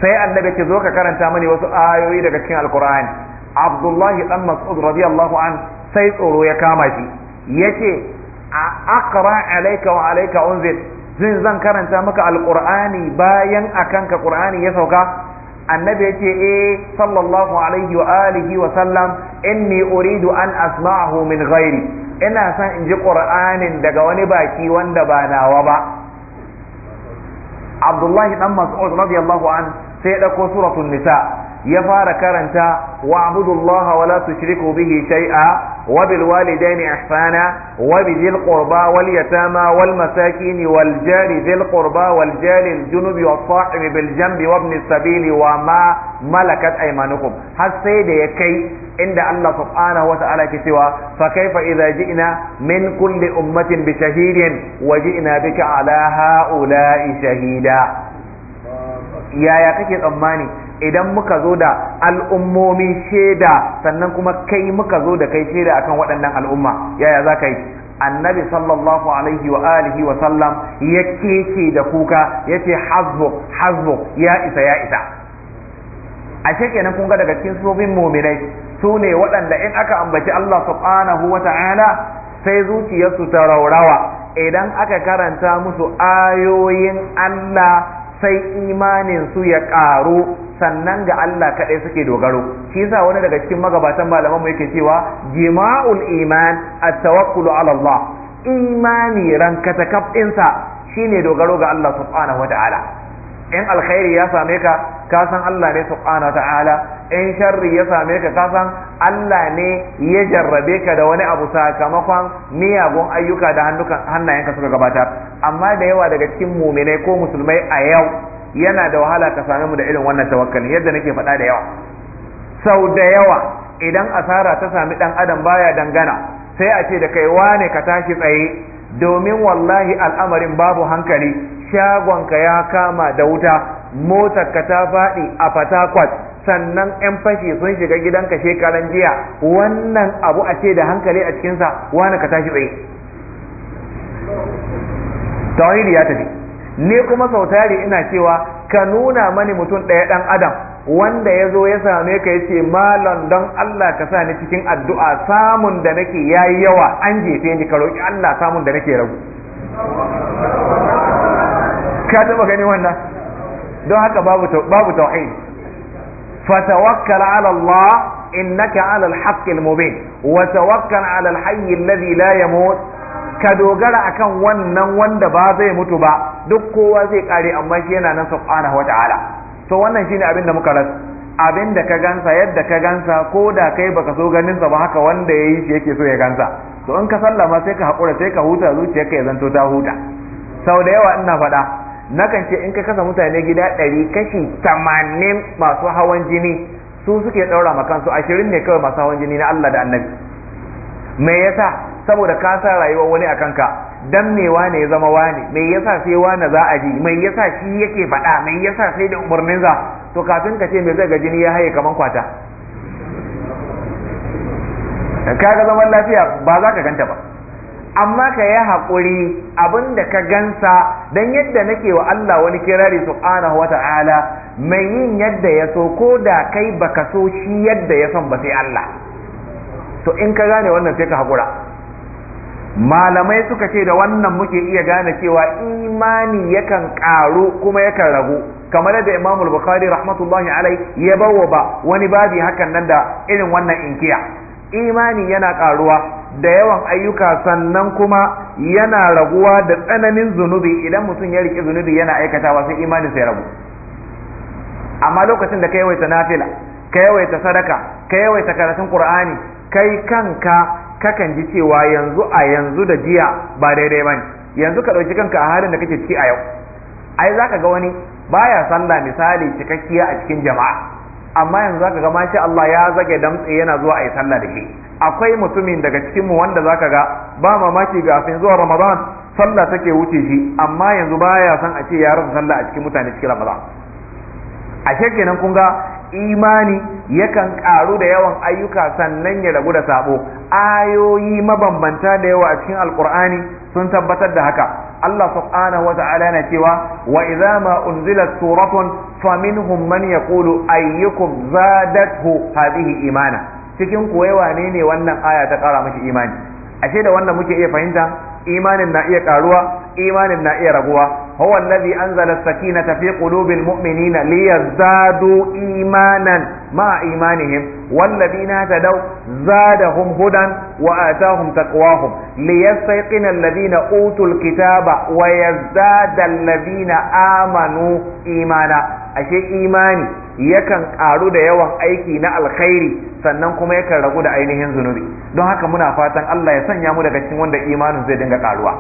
sai annabi ke zo ka karanta mani wasu ayoyi daga cikin alqur'ani abdullahi dan mas'ud radiyallahu an sai tsoro ya kama shi yace aqra alayka wa alayka unzil zan zan karanta maka alqur'ani bayan akan ka qur'ani ya sauka annabi ya ce eh sallallahu alaihi wa alihi wa sallam inni uridu an asma'ahu min ghairi ina son in ji qur'anin daga wani baki wanda ba nawa ba abdullahi dan mas'ud radiyallahu an sai ya dauko suratul nisa ya fara karanta wa abudullaha wala tushriku bihi shay'a wa bil walidayni ihsana wa bi dhil qurba wal yatama wal masakin wal jari dhil qurba wal jari al junubi was sahib bil janbi wa ibn sabil wa ma malakat aymanukum har sai da ya kai inda Allah subhanahu wa ta'ala ke cewa fa kaifa idza ji'na min kulli ummatin bi shahidin wa ji'na bika ala ha'ula'i shahida yaya kake tsammani idan muka zo da al'ummomin shaida sannan kuma kai muka zo da kai shaida akan waɗannan al'umma yaya za ka yi annabi sallallahu alaihi wa alihi wa sallam ya keke da kuka ya ce hazbuk ya isa ya isa ashe kenan kun ga daga cikin sufin muminai su ne waɗanda in aka ambaci Allah subhanahu wa ta'ala sai zuciyarsu ta raurawa idan aka karanta musu ayoyin Allah sai imanin su ya ƙaru sannan ga Allah kaɗai suke dogaro shi yasa wani daga cikin magabatan malaman mu yake cewa jima'ul iman at-tawakkulu ala Allah imani ran kaf ɗinsa shine dogaro ga Allah subhanahu wata'ala in alkhairi ya same ka ka san Allah ne subhanahu wata'ala in sharri ya same ka ka san Allah ne ya jarrabe ka da wani abu sakamakon miyagun ayyuka da hannayenka suka gabata amma da yawa daga cikin muminai ko musulmai a yau yana da wahala ka same mu da irin wannan tawakkali yadda nake faɗa da yawa sau da yawa idan asara ta sami ɗan adam baya dangana sai a ce da kai wane ka tashi tsaye domin wallahi al'amarin babu hankali shagonka ya kama da wuta motarka ta faɗi a fatakwat sannan 'yan fashi sun shiga gidanka shekaran jiya wannan abu a ce da hankali a cikinsa wane ka tashi tsaye tawhidi ya tafi ni kuma sautari ina cewa ka nuna mani mutum ɗaya ɗan adam wanda ya zo ya same ka ya ce malam don Allah ka sa ni cikin addu'a samun da nake yayi yawa an jefe ni ka roƙi Allah samun da nake ragu ka taɓa gani wannan don haka babu babu tauhid fatawakkal ala Allah innaka ala al-haqqil mubin wa tawakkal ala al ka dogara akan wannan wanda ba zai mutu ba duk kowa zai kare amma shi yana nan subhanahu wata'ala to wannan shine abin da muka rasa abin da ka gansa yadda ka gansa ko da kai baka so ganin sa ba haka wanda yayi shi yake so ya gansa to in ka sallama sai ka hakura sai ka huta zuciyarka ya zanto ta huta sau da yawa ina faɗa nakan ce in ka kasa mutane gida ɗari kashi tamanin masu hawan jini su suke ɗaura ma kansu ashirin ne kawai masu hawan jini na Allah da annabi me yasa saboda ka sa rayuwar wani akan ka dan me wane ya zama wane me yasa sai wane za a ji me yasa shi yake faɗa mai yasa sai da umarnin za to kafin ka ce me zai ga jini ya haye kaman kwata Ka ga zaman lafiya ba za ka ganta ba amma ka yi haƙuri abin da ka gansa dan yadda nake wa Allah wani kirari subhanahu wata'ala mai yin yadda ya so ko da kai baka so shi yadda ya son ba sai Allah to in ka gane wannan sai ka haƙura malamai suka ce da wannan muke iya gane cewa imani yakan ƙaru kuma yakan ragu kamar da Imam Bukhari rahmatullahi alai ya bawa ba wani babi hakan nan da irin wannan inkiya imani yana ƙaruwa da yawan ayyuka sannan kuma yana raguwa da tsananin zunubi idan mutum ya riƙe zunubi yana aikatawa sai imani sai ragu amma lokacin da ka yawaita nafila ka yawaita sadaka ka yawaita karatun qur'ani kai kanka kakan ji cewa yanzu a yanzu da jiya ba daidai ba ne. yanzu ka ɗauki kanka a halin da kake ciki a yau ai za ka ga wani baya sallah misali cikakkiya a cikin jama'a amma yanzu za ka ga masha Allah ya zage damtse yana zuwa a yi sallah da shi akwai mutumin daga cikinmu wanda za ka ga ba mamaki fin zuwa Ramadan sallah take wuce shi amma yanzu baya son a ce ya rasa sallah a cikin mutane cikin Ramadan a kenan kun ga imani yakan ƙaru da yawan ayyuka sannan ya ragu da sabo ayoyi mabambanta da yawa a cikin alkur'ani sun tabbatar da haka Allah subhanahu wa ta'ala na cewa wa idza ma unzilat suratun faminhum man yaqulu ayyukum zadathu hadhihi imana cikin koyewa ne ne wannan aya ta kara mashi imani ashe da wannan muke iya fahimta imanin na iya karuwa imanin na iya raguwa huwa allazi anzala as-sakinata fi qulubil mu'minina liyazdadu imanan ma imanihim والذين هتدوا زادهم هدى وآتاهم تقواهم ليستيقن الذين أوتوا الكتاب ويزداد الذين آمنوا إيمانا ashe imani yakan ƙaru da yawan aiki na alkhairi sannan kuma yakan ragu da ainihin zunubi don haka muna fatan Allah ya sanya mu daga cikin wanda imanin zai dinga karuwa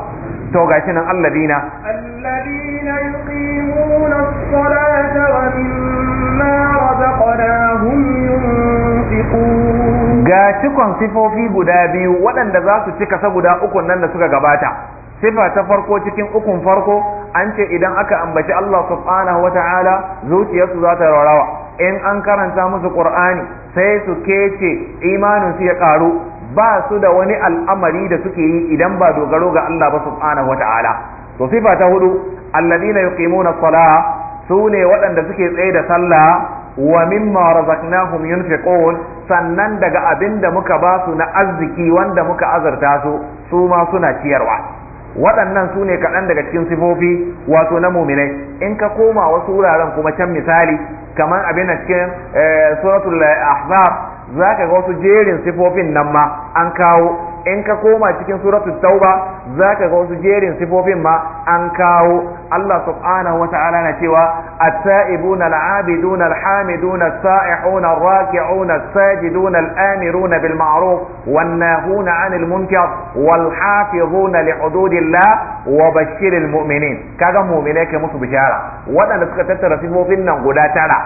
to gashi nan alladina alladina yuqimuna as-salata wa mimma razaqnahum yunfiqun ga cikon sifofi guda biyu waɗanda za su cika sa guda uku nan da suka gabata sifa ta farko cikin ukun farko an ce idan aka ambaci Allah subhanahu wa ta'ala zuciyarsu za ta raurawa in an karanta musu qur'ani sai su kece imanin su ya karu ba su da wani al'amari da suke yi idan ba dogaro ga Allah ba subhanahu wata'ala to sifa ta hudu alladina yuqimuna as su sune waɗanda suke tsaye da sallah wa mimma razaqnahum yunfiqun sannan daga abin da muka ba su na arziki wanda muka azarta su su ma suna ciyarwa waɗannan su ne kaɗan daga cikin sifofi wato na muminai in ka koma wasu wuraren kuma can misali kamar abin a cikin eh, suratul ahzab za ka ga wasu jerin sifofin nan ma an kawo in ka koma cikin suratul tauba za ka ga wasu jerin sifofin ma an kawo Allah subhanahu wata'ala na cewa at-ta'ibuna al-'abiduna al-hamiduna as-sa'ihuna ar-raki'una as-sajiduna al-amiruna bil ma'ruf wan-nahuna 'anil munkar wal-hafizuna li hududillah wa bashshiril mu'minin kaga mu'mine kai musu bishara waɗanda suka tattara sifofin nan guda tara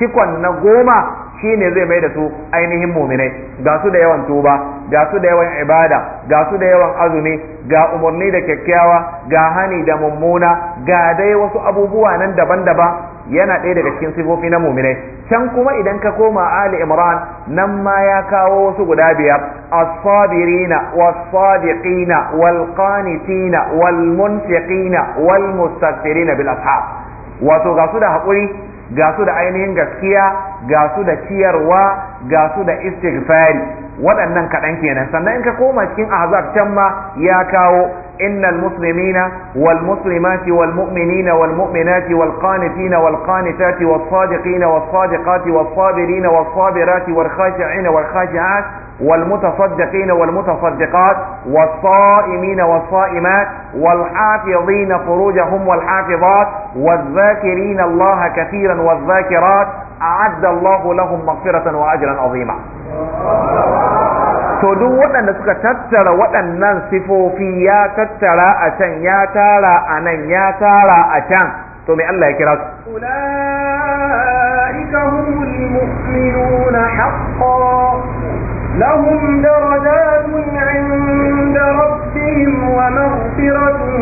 cikon na goma shi ne zai mai da su ainihin muminai ga su da yawan tuba ga su da yawan ibada ga su da yawan azumi ga umarni da kyakkyawa ga hani da mummuna ga dai wasu abubuwa nan daban-daban yana ɗaya daga cikin sifofi na muminai can kuma idan ka koma ali imran nan ma ya kawo wasu guda biyar as-sabirina was-sadiqina wal-qanitina wal-munfiqina wal-mustaghfirina bil ashab wato ga su da haƙuri ga su da ainihin gaskiya ga su da ciyarwa ga su da istighfari waɗannan kaɗan kenan sannan in ka koma cikin azab can ma ya kawo innal muslimina wal muslimati wal mu'minina wal mu'minati wal qanitina wal qanitati was sadiqina was sadiqati was sabirina was sabirati wal khashi'ina wal khashi'at والمتصدقين والمتصدقات والصائمين والصائمات والحافظين فروجهم والحافظات والذاكرين الله كثيرا والذاكرات أعد الله لهم مغفرة وأجرا عظيما to duk waɗanda suka tattara waɗannan sifofi ya tattara a can ya tara a nan ya tara a can to me Allah ya kira su ulaika humul mu'minuna haqqan lahum darajatun 'inda rabbihim wa maghfiratun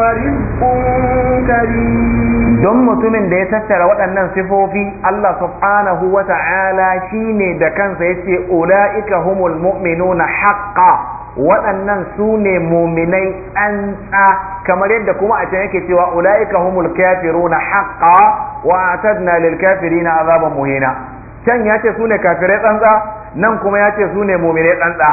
wa rizqun karim don mutumin da ya tattara waɗannan sifofi Allah subhanahu wa ta'ala shi ne da kansa ya ce ula'ika humul na haqqa waɗannan su ne muminai tsantsa kamar yadda kuma a can yake cewa ula'ika humul na haqqa wa atadna lil kafirina azaban muhina can ya ce su ne kafirai tsantsa nan kuma ya ce su ne muminai tsantsa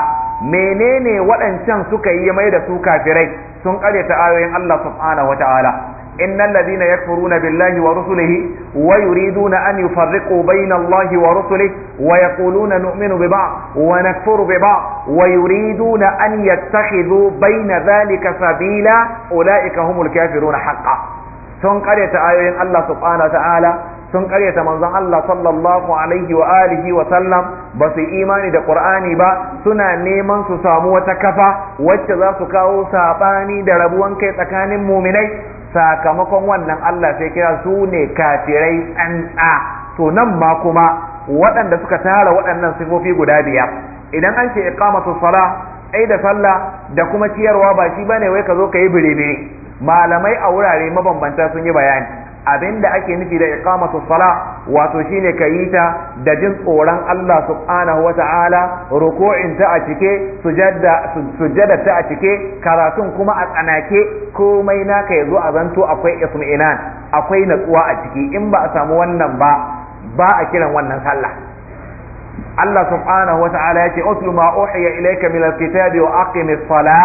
menene waɗancan suka yi mai da su kafirai sun ƙaryata ayoyin Allah subhanahu wa ta'ala إن الذين يكفرون بالله ورسله ويريدون أن يفرقوا بين الله ورسله ويقولون نؤمن ببعض ونكفر ببعض ويريدون أن يتخذوا بين ذلك سبيلا أولئك هم الكافرون حقا sun karyata ayoyin Allah subhanahu wa ta'ala sun karyata manzon Allah sallallahu alaihi wa alihi wa sallam ba su imani da ƙur'ani ba suna neman su samu wata kafa wacce za su kawo saɓani da rabuwan kai tsakanin muminai sakamakon wannan Allah sai kira su ne kafirai an a to nan ma kuma waɗanda suka tara waɗannan sifofi guda biyar idan an ce iqamatu sala ai da sallah da kuma ciyarwa ba shi bane wai ka zo ka yi bire malamai a wurare mabambanta sun yi bayani abinda ake nufi da iqamatu sala wato shine kayita ta da jin tsoron Allah subhanahu wata'ala ruku'in ta a cike sujada sujada ta a cike karatun kuma a tsanake komai naka yazo a zanto akwai ismi'inan akwai natsuwa a ciki in ba a samu wannan ba ba a kiran wannan sallah Allah subhanahu wata'ala yace utlu ma uhiya ilayka min alkitabi wa aqimis salah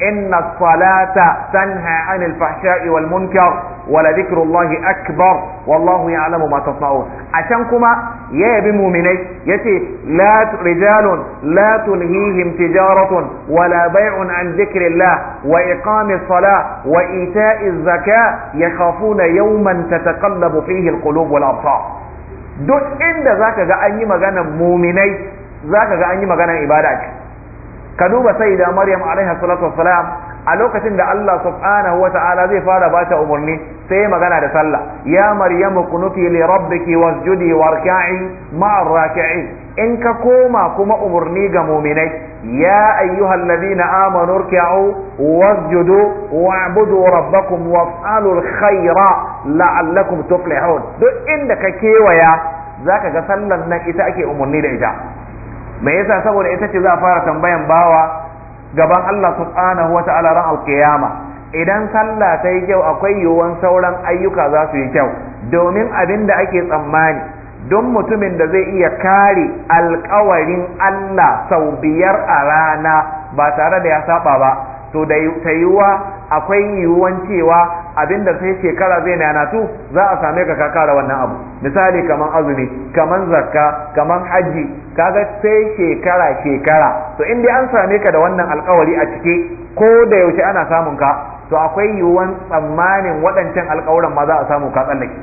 inna as-salata tanha 'anil fahsha'i wal munkar wala dhikrullahi akbar wallahu ya'lamu ma tasna'un a can kuma ya yabi mu'minai yace la rijalun la tulhihim tijaratun wala bai'un an zikrillah wa iqamis salah wa ita'iz zakat yakhafuna yawman tataqallabu fihi alqulub wal absar duk inda za ka ga an yi magana muminai za ka ga an yi magana ibada ka duba Sa'ida maryam alaiha salatu wassalam a lokacin da Allah subhanahu wa ta'ala zai fara ba ta umarni sai ya magana da sallah ya maryamu kunuti li rabbiki wasjudi warka'i ma'ar raki'in in ka koma kuma umarni ga muminai ya ayyuhal ladina amanu irka'u wasjudu wa'budu rabbakum waf'alul khaira la'allakum tuflihun duk inda ka kewaya zaka ga sallan nan ita ake umarni da ita me yasa saboda ita ce za a fara tambayan bawa gaban Allah subhanahu wa ta'ala ran alkiyama idan sallah ta yi kyau akwai yiwuwan sauran ayyuka za su yi kyau domin abin da ake tsammani don mutumin da zai iya kare alƙawarin Allah sau biyar a rana ba tare da ya saba ba to da ta yiwuwa akwai yiwuwan cewa abinda sai shekara zai na nanatu za a same ka kaka da wannan abu misali kaman azumi kaman zakka kaman haji kaga sai shekara shekara to in dai an same ka da wannan alkawari a cike ko da yaushe ana samun ka to akwai yiwuwan tsammanin waɗancan alkawuran ma za a samu ka tsallake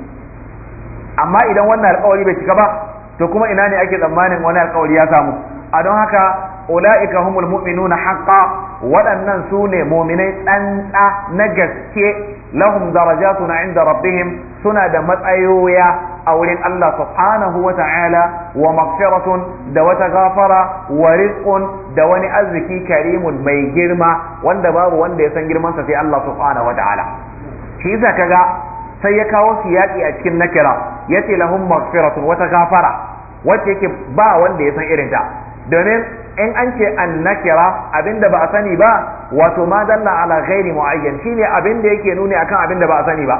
amma idan wannan alkawari bai cika ba to kuma ina ne ake tsammanin wani alkawari ya samu a don haka ula'ika humul mu'minuna haqqan waɗannan su ne muminai tsantsa na gaske lahum darajatun inda rabbihim suna da matsayoya a wurin Allah subhanahu wa ta'ala wa maghfiratun da wata gafara wa rizqun da wani arziki karimun mai girma wanda babu wanda ya san girmansa sai Allah subhanahu wa ta'ala shi yasa kaga sai ya kawo siyaki a cikin nakira yace lahum maghfiratun wata gafara wacce yake ba wanda ya san irinta domin in an ce an nakira abinda ba a sani ba wato ma dalla ala ghairi muayyan shine da yake nuni akan da ba a sani ba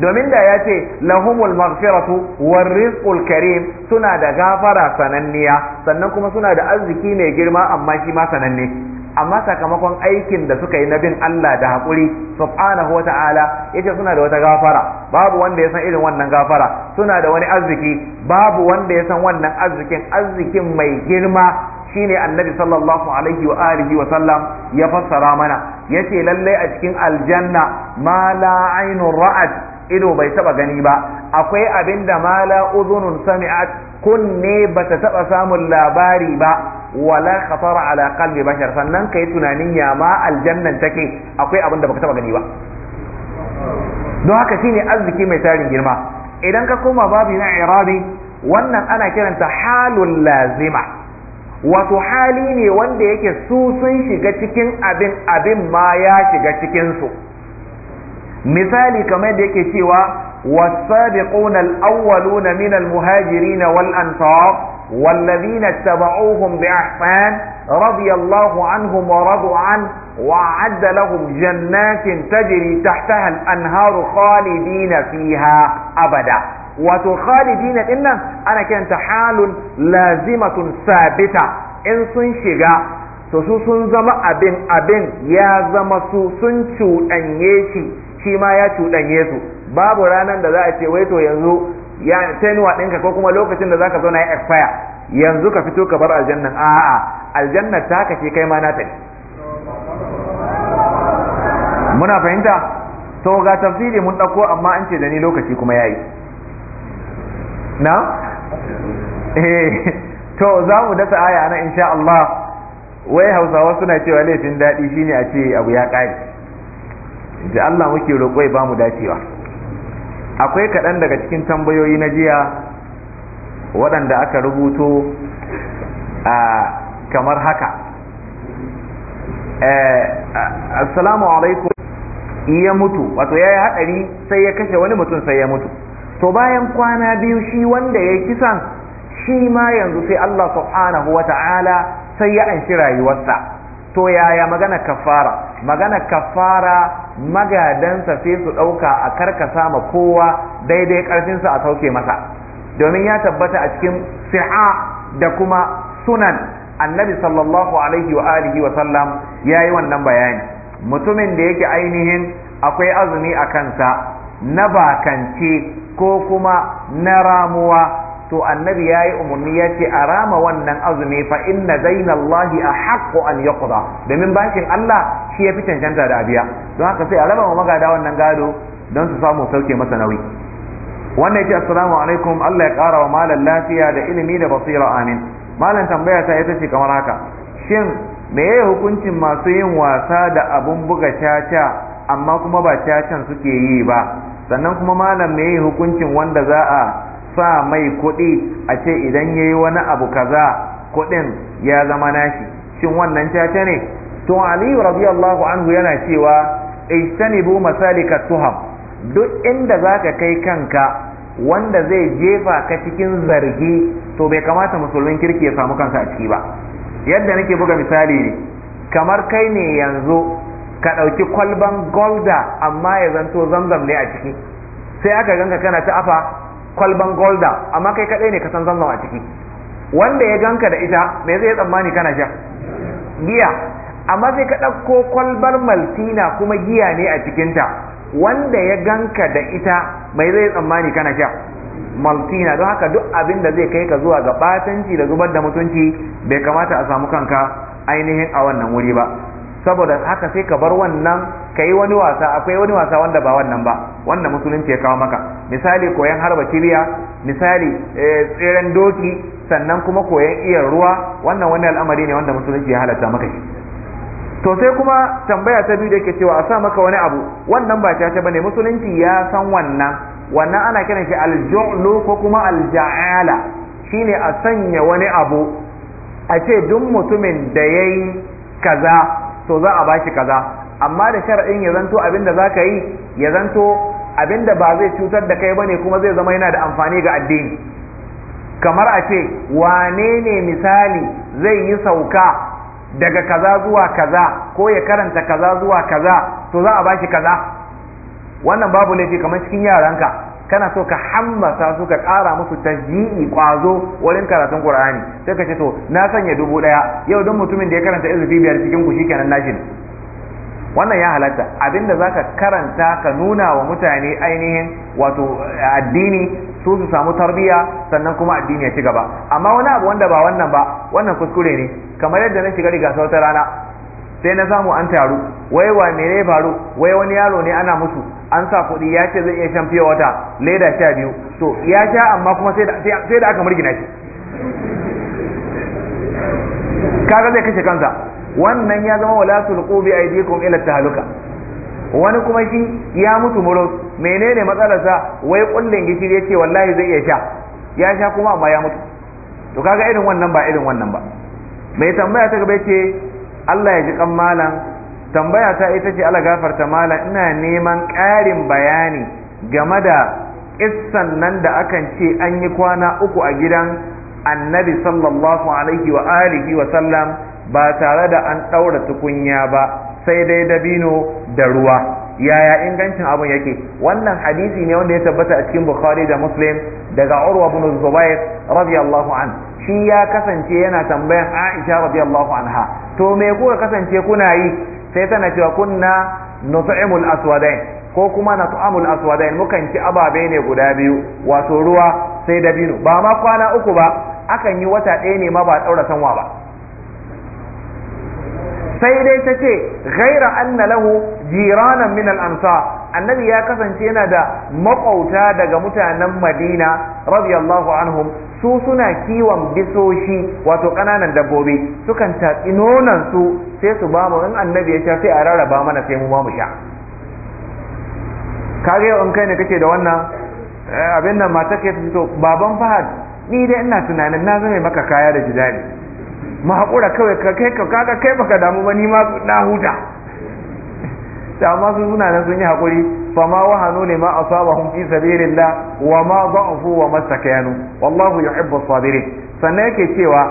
domin da ya ce lahumul maghfiratu war rizqul karim suna da gafara sananniya sannan kuma suna da arziki mai girma amma shi ma sananne amma sakamakon aikin da suka yi na bin Allah da haƙuri subhanahu wata'ala yace suna da wata gafara babu wanda ya san irin wannan gafara suna da wani arziki babu wanda ya san wannan arzikin arzikin mai girma shine annabi sallallahu alaihi wa alihi wa sallam ya fassara mana yace lallai a cikin aljanna ma la ainun ra'at ido bai taba gani ba akwai abinda ma la udhunun sami'at kunne bata taba samun labari ba wala khatara ala qalbi bashar sannan kai tunanin ya ma aljannan take akwai abinda baka taba gani ba don haka shine arziki mai tarin girma idan ka koma babu na irabi wannan ana kiranta halul lazima wato hali ne wanda yake su sun shiga cikin abin abin ma ya shiga cikinsu misali kamar da yake cewa والسابقون الأولون من المهاجرين والأنصار والذين اتبعوهم بإحسان رضي الله عنهم ورضوا عنه وأعد لهم جنات تجري تحتها الأنهار خالدين فيها أبدا wato khalidina dinnan ana kiranta halun lazimatun sabita in sun shiga to su sun zama abin abin ya zama su sun cuɗanye shi shi ma ya cuɗanye su babu ranar da za a ce wai to yanzu ya tenuwa ɗinka ko kuma lokacin da za ka zauna ya expire yanzu ka fito ka bar aljannan a'a aljannar ta kake kai ma na ta muna fahimta to ga tafsiri mun ɗauko amma an ce da ni lokaci kuma yayi na eh, to za mu dasa aya in insha Allah wai hausawa suna cewa laifin daɗi shine a ce abu ya ƙari da Allah muke roƙo ba mu dacewa akwai kaɗan daga cikin tambayoyi na jiya waɗanda aka rubuto a kamar haka eh, assalamu alaikum ya mutu wato ya yi haɗari sai ya kashe wani mutum sai ya mutu to bayan kwana biyu shi wanda ya kisan shi ma yanzu sai Allah subhanahu wata'ala sai ya anshi rayuwarsa to yaya magana kafara magana kafara magadansa sai su ɗauka a karkasa ma kowa daidai ƙarfinsa a sauke masa domin ya tabbata a cikin siha da kuma sunan annabi sallallahu alaihi wa alihi wa sallam ya yi wannan bayani mutumin da yake ainihin akwai azumi a kansa na bakance ko kuma na ramuwa to annabi ya yi umarni ya ce a rama wannan azumi fa inna zainallahi a haƙƙo an yaqda domin bashin Allah shi ya fi cancanta da abiya don haka sai a raba wa magada wannan gado don su samu sauke masa nauyi wannan yace assalamu alaikum Allah ya ƙara wa malam lafiya da ilimi da basira amin malam tambaya ta ita ce kamar haka shin me ya hukuncin masu yin wasa da abun buga caca amma kuma ba cacan suke yi ba sannan kuma malam me hukuncin wanda za a sa mai kuɗi a ce idan ya yi wani abu kaza kuɗin ya zama nashi shin wannan caca ne to aliyu radiyallahu anhu yana cewa ijtanibu masalika tuham duk inda zaka kai kanka wanda zai jefa ka cikin zargi to bai kamata musulmin kirki ya samu kansa a ciki ba yadda nake buga misali ne kamar kai ne yanzu ka ɗauki kwalban golda amma ya zanto zamzam ne a ciki sai aka ganka kana ta afa kwalban golda amma kai kaɗai ne ka san zamzam a ciki wanda ya ganka da ita me zai tsammani kana sha giya amma sai ka ɗauko kwalbar maltina kuma giya ne a cikinta wanda ya ganka da ita mai zai tsammani kana sha maltina don haka duk abin da zai kai ka zuwa ga batanci da zubar da mutunci bai kamata a samu kanka ainihin a wannan wuri ba saboda haka sai ka bar wannan ka yi wani wasa akwai wani wasa wanda ba wannan ba wanda musulunci ya kawo maka misali koyan harba kiriya misali eh, tseren doki sannan kuma koyan iya ruwa wannan wani al'amari ne wanda musulunci ya halatta maka shi to sai kuma tambaya ta biyu da yake cewa a sa maka wani abu wannan ba caca ne. musulunci ya san wannan wannan ana kiran shi aljulu ko kuma alja'ala shine a sanya wani abu a ce duk mutumin da ya yi kaza to za a shi kaza amma da shar'in ya zanto abin da ka yi ya zanto abin da ba zai cutar da kai bane kuma zai zama yana da amfani ga addini kamar a ce wane ne misali zai yi sauka daga kaza zuwa kaza ko ya karanta kaza zuwa kaza to za a bashi kaza wannan babu laifi kamar cikin yaranka kana so ka hammasa su ka ƙara musu tajji'i ƙwazo wurin karatun Qur'ani sai ka ce to na sanya dubu ɗaya yau don mutumin da ya karanta izufi biyar cikin ku kenan nashi wannan ya halatta abinda zaka karanta ka nuna wa mutane ainihin wato eh, addini su su samu tarbiya sannan kuma addini ya ci gaba amma wani abu wanda ba wannan ba wannan kuskure ne kamar yadda na shiga riga wata rana sai na samu an taru wai wa me ne faru wai wani yaro ne ana musu an sa kuɗi ya ce zai iya shan fiye wata leda sha biyu to ya sha amma kuma sai da aka murgina shi kaga zai kashe kansa wannan ya zama wala tulqu bi aydikum ila tahluka wani kuma shi ya mutu murus menene matsalarsa wai kullin gishiri ce wallahi zai iya sha ya sha kuma amma ya mutu to kaga irin wannan ba irin wannan ba mai tambaya ta gaba yace Allah ya ji kan malam tambaya ta ita ce Allah gafarta malam ina neman ƙarin bayani game da kissan nan da akan ce an yi kwana uku a gidan annabi sallallahu alaihi wa alihi wa sallam ba tare da an ɗaura tukunya ba sai dai dabino da ruwa yaya ingancin abin yake wannan hadisi ne wanda ya tabbata a cikin bukhari da muslim daga urwa bin zubair radiyallahu an shi ya kasance yana tambayan aisha radiyallahu anha to me kuka kasance kuna yi sai tana cewa kunna nut'imul aswadain ko kuma nat'amul aswadain mukan ci ababe ne guda biyu wato ruwa sai dabino ba ma kwana uku ba akan yi wata ɗaya ne ma ba daura sanwa ba sai dai ta ce ghaira anna lahu jiranan min al annabi ya kasance yana da maƙwauta daga mutanen madina radiyallahu anhum su suna kiwon bisoshi wato kananan dabbobi sukan tatsi nonan su sai su bamu in annabi ya sha sai a rarraba mana sai mu ma mu sha kage in kai ne kake da wannan eh, abin nan mata ke to baban fahad ni dai ina tunanin na zame maka kaya da jidali ma haƙura kawai ka kai ka kaga kai baka damu ba ni ma na huta da amma sun suna nan sun yi haƙuri fa ma wahanu ne ma hum fi sabilillah wa ma dha'fu wa mastakanu wallahu yuhibbu as-sabirin sannan yake cewa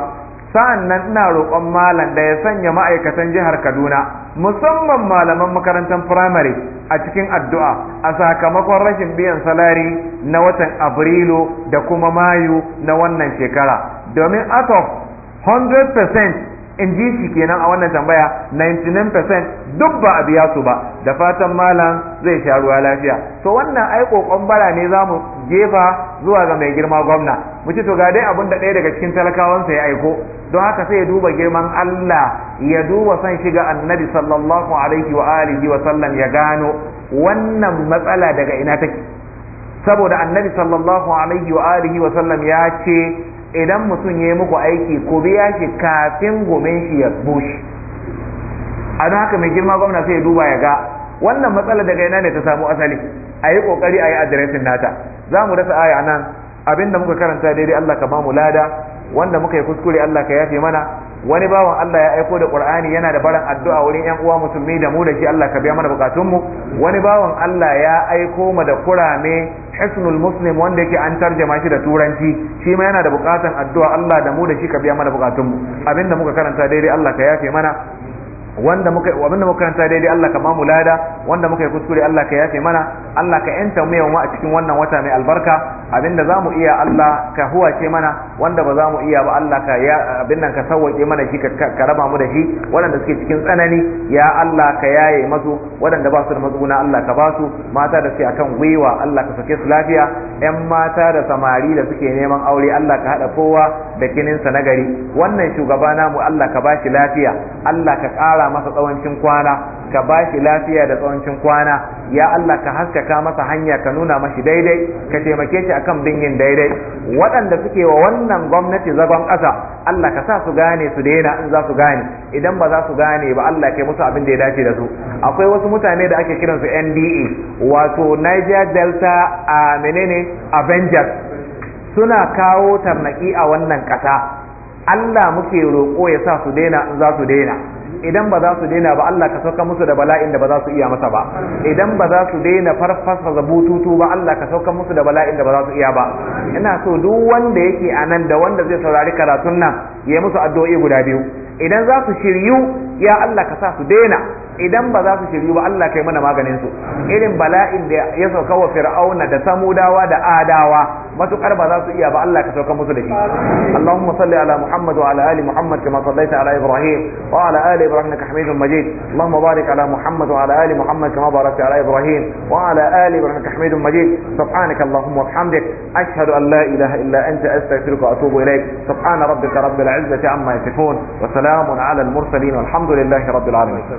sa'an ina roƙon malam da ya sanya ma'aikatan jihar Kaduna musamman malaman makarantar firamare a cikin addu'a a sakamakon rashin biyan salari na watan abrilu da kuma Mayu na wannan shekara domin atof 100% in ji shi kenan a wannan tambaya 99% duk ba a biya su ba da fatan malam zai sha ruwa lafiya to wannan ai kokon bara ne za mu jefa zuwa ga mai girma gwamna mu ce to ga dai abin da ɗaya daga cikin talakawansa ya aiko don haka sai ya duba girman Allah ya duba san shiga annabi sallallahu alaihi wa alihi wa sallam ya gano wannan matsala daga ina take saboda annabi sallallahu alaihi wa alihi wa sallam ya ce idan mutum ya yi muku aiki ku biya shi kafin gomen shi ya bushe a don haka mai girma gwamna sai ya duba ya ga wannan matsala daga yana ne ta samu asali a yi kokari a yi adireshin nata za mu dasa aya nan abinda muka karanta daidai Allah ka mu lada wanda muka yi kuskure Allah ka yafe mana wani bawan Allah ya aiko da Qur'ani yana da baran addu'a wurin ƴan uwa musulmi da mu da shi Allah ka biya mana bukatunmu wani bawan Allah ya aiko mu da kurame hisnul muslim wanda yake an tarjama shi da turanci shi ma yana da bukatan addu'a Allah da mu da shi ka biya mana mu abinda muka karanta daidai Allah ka yafe mana wanda muka muka karanta daidai Allah ka mamu lada wanda muka yi kuskure Allah ka yafe mana Allah ka yanta mu yawa a cikin wannan wata mai albarka abinda za mu iya Allah ka huwace mana wanda ba za mu iya ba Allah ka ya abin nan ka sauwaƙe mana shi ka raba mu da shi waɗanda suke cikin tsanani ya Allah ka yaye masu waɗanda ba su da matsuguna Allah ka ba su mata da suke akan gwiwa Allah ka sake su lafiya ƴan mata da samari da suke neman aure Allah ka haɗa kowa da kininsa na gari wannan shugaba namu Allah ka ba shi lafiya Allah ka ƙara masa tsawancin kwana ka ba shi lafiya da tsawancin kwana ya Allah ka haskaka masa hanya ka nuna mashi daidai ka taimake shi akan bin yin daidai waɗanda suke wa wannan gwamnati zagon ƙasa Allah ka sa su gane su daina in za su gane idan ba za su gane ba Allah ke musu abin da ya dace da su akwai wasu mutane da ake kiransu NDE wato Niger Delta a menene Avengers suna kawo tarnaki a wannan ƙasa Allah muke roƙo ya sa su daina in za su daina idan ba za su daina ba Allah ka sauka musu da bala'in da ba za su iya masa ba idan ba za su daina farfasa bututu ba Allah ka sauka musu da bala'in da ba za su iya ba ina so duk wanda yake a nan da wanda zai saurari karatun nan ya musu addu'o'i guda biyu idan za su shiryu ya Allah ka sa su daina idan ba za su shiryu ba Allah kai mana maganin su irin bala'in da ya sauka wa fir'auna da samudawa da adawa matukar ba za su iya ba Allah ka sauka musu da shi Allahumma salli ala Muhammad wa ala ali Muhammad kama sallaita ala Ibrahim wa ala ali Ibrahim ka Hamidum Majid Allahumma barik ala Muhammad wa ala ali Muhammad kama barakta ala Ibrahim wa ala ali Ibrahim innaka Hamidum Majid subhanaka Allahumma wa bihamdik ashhadu an la ilaha illa anta astaghfiruka wa atubu ilayk subhana rabbika rabbil izzati amma yasifun wa salamun ala al mursalin والحمد لله رب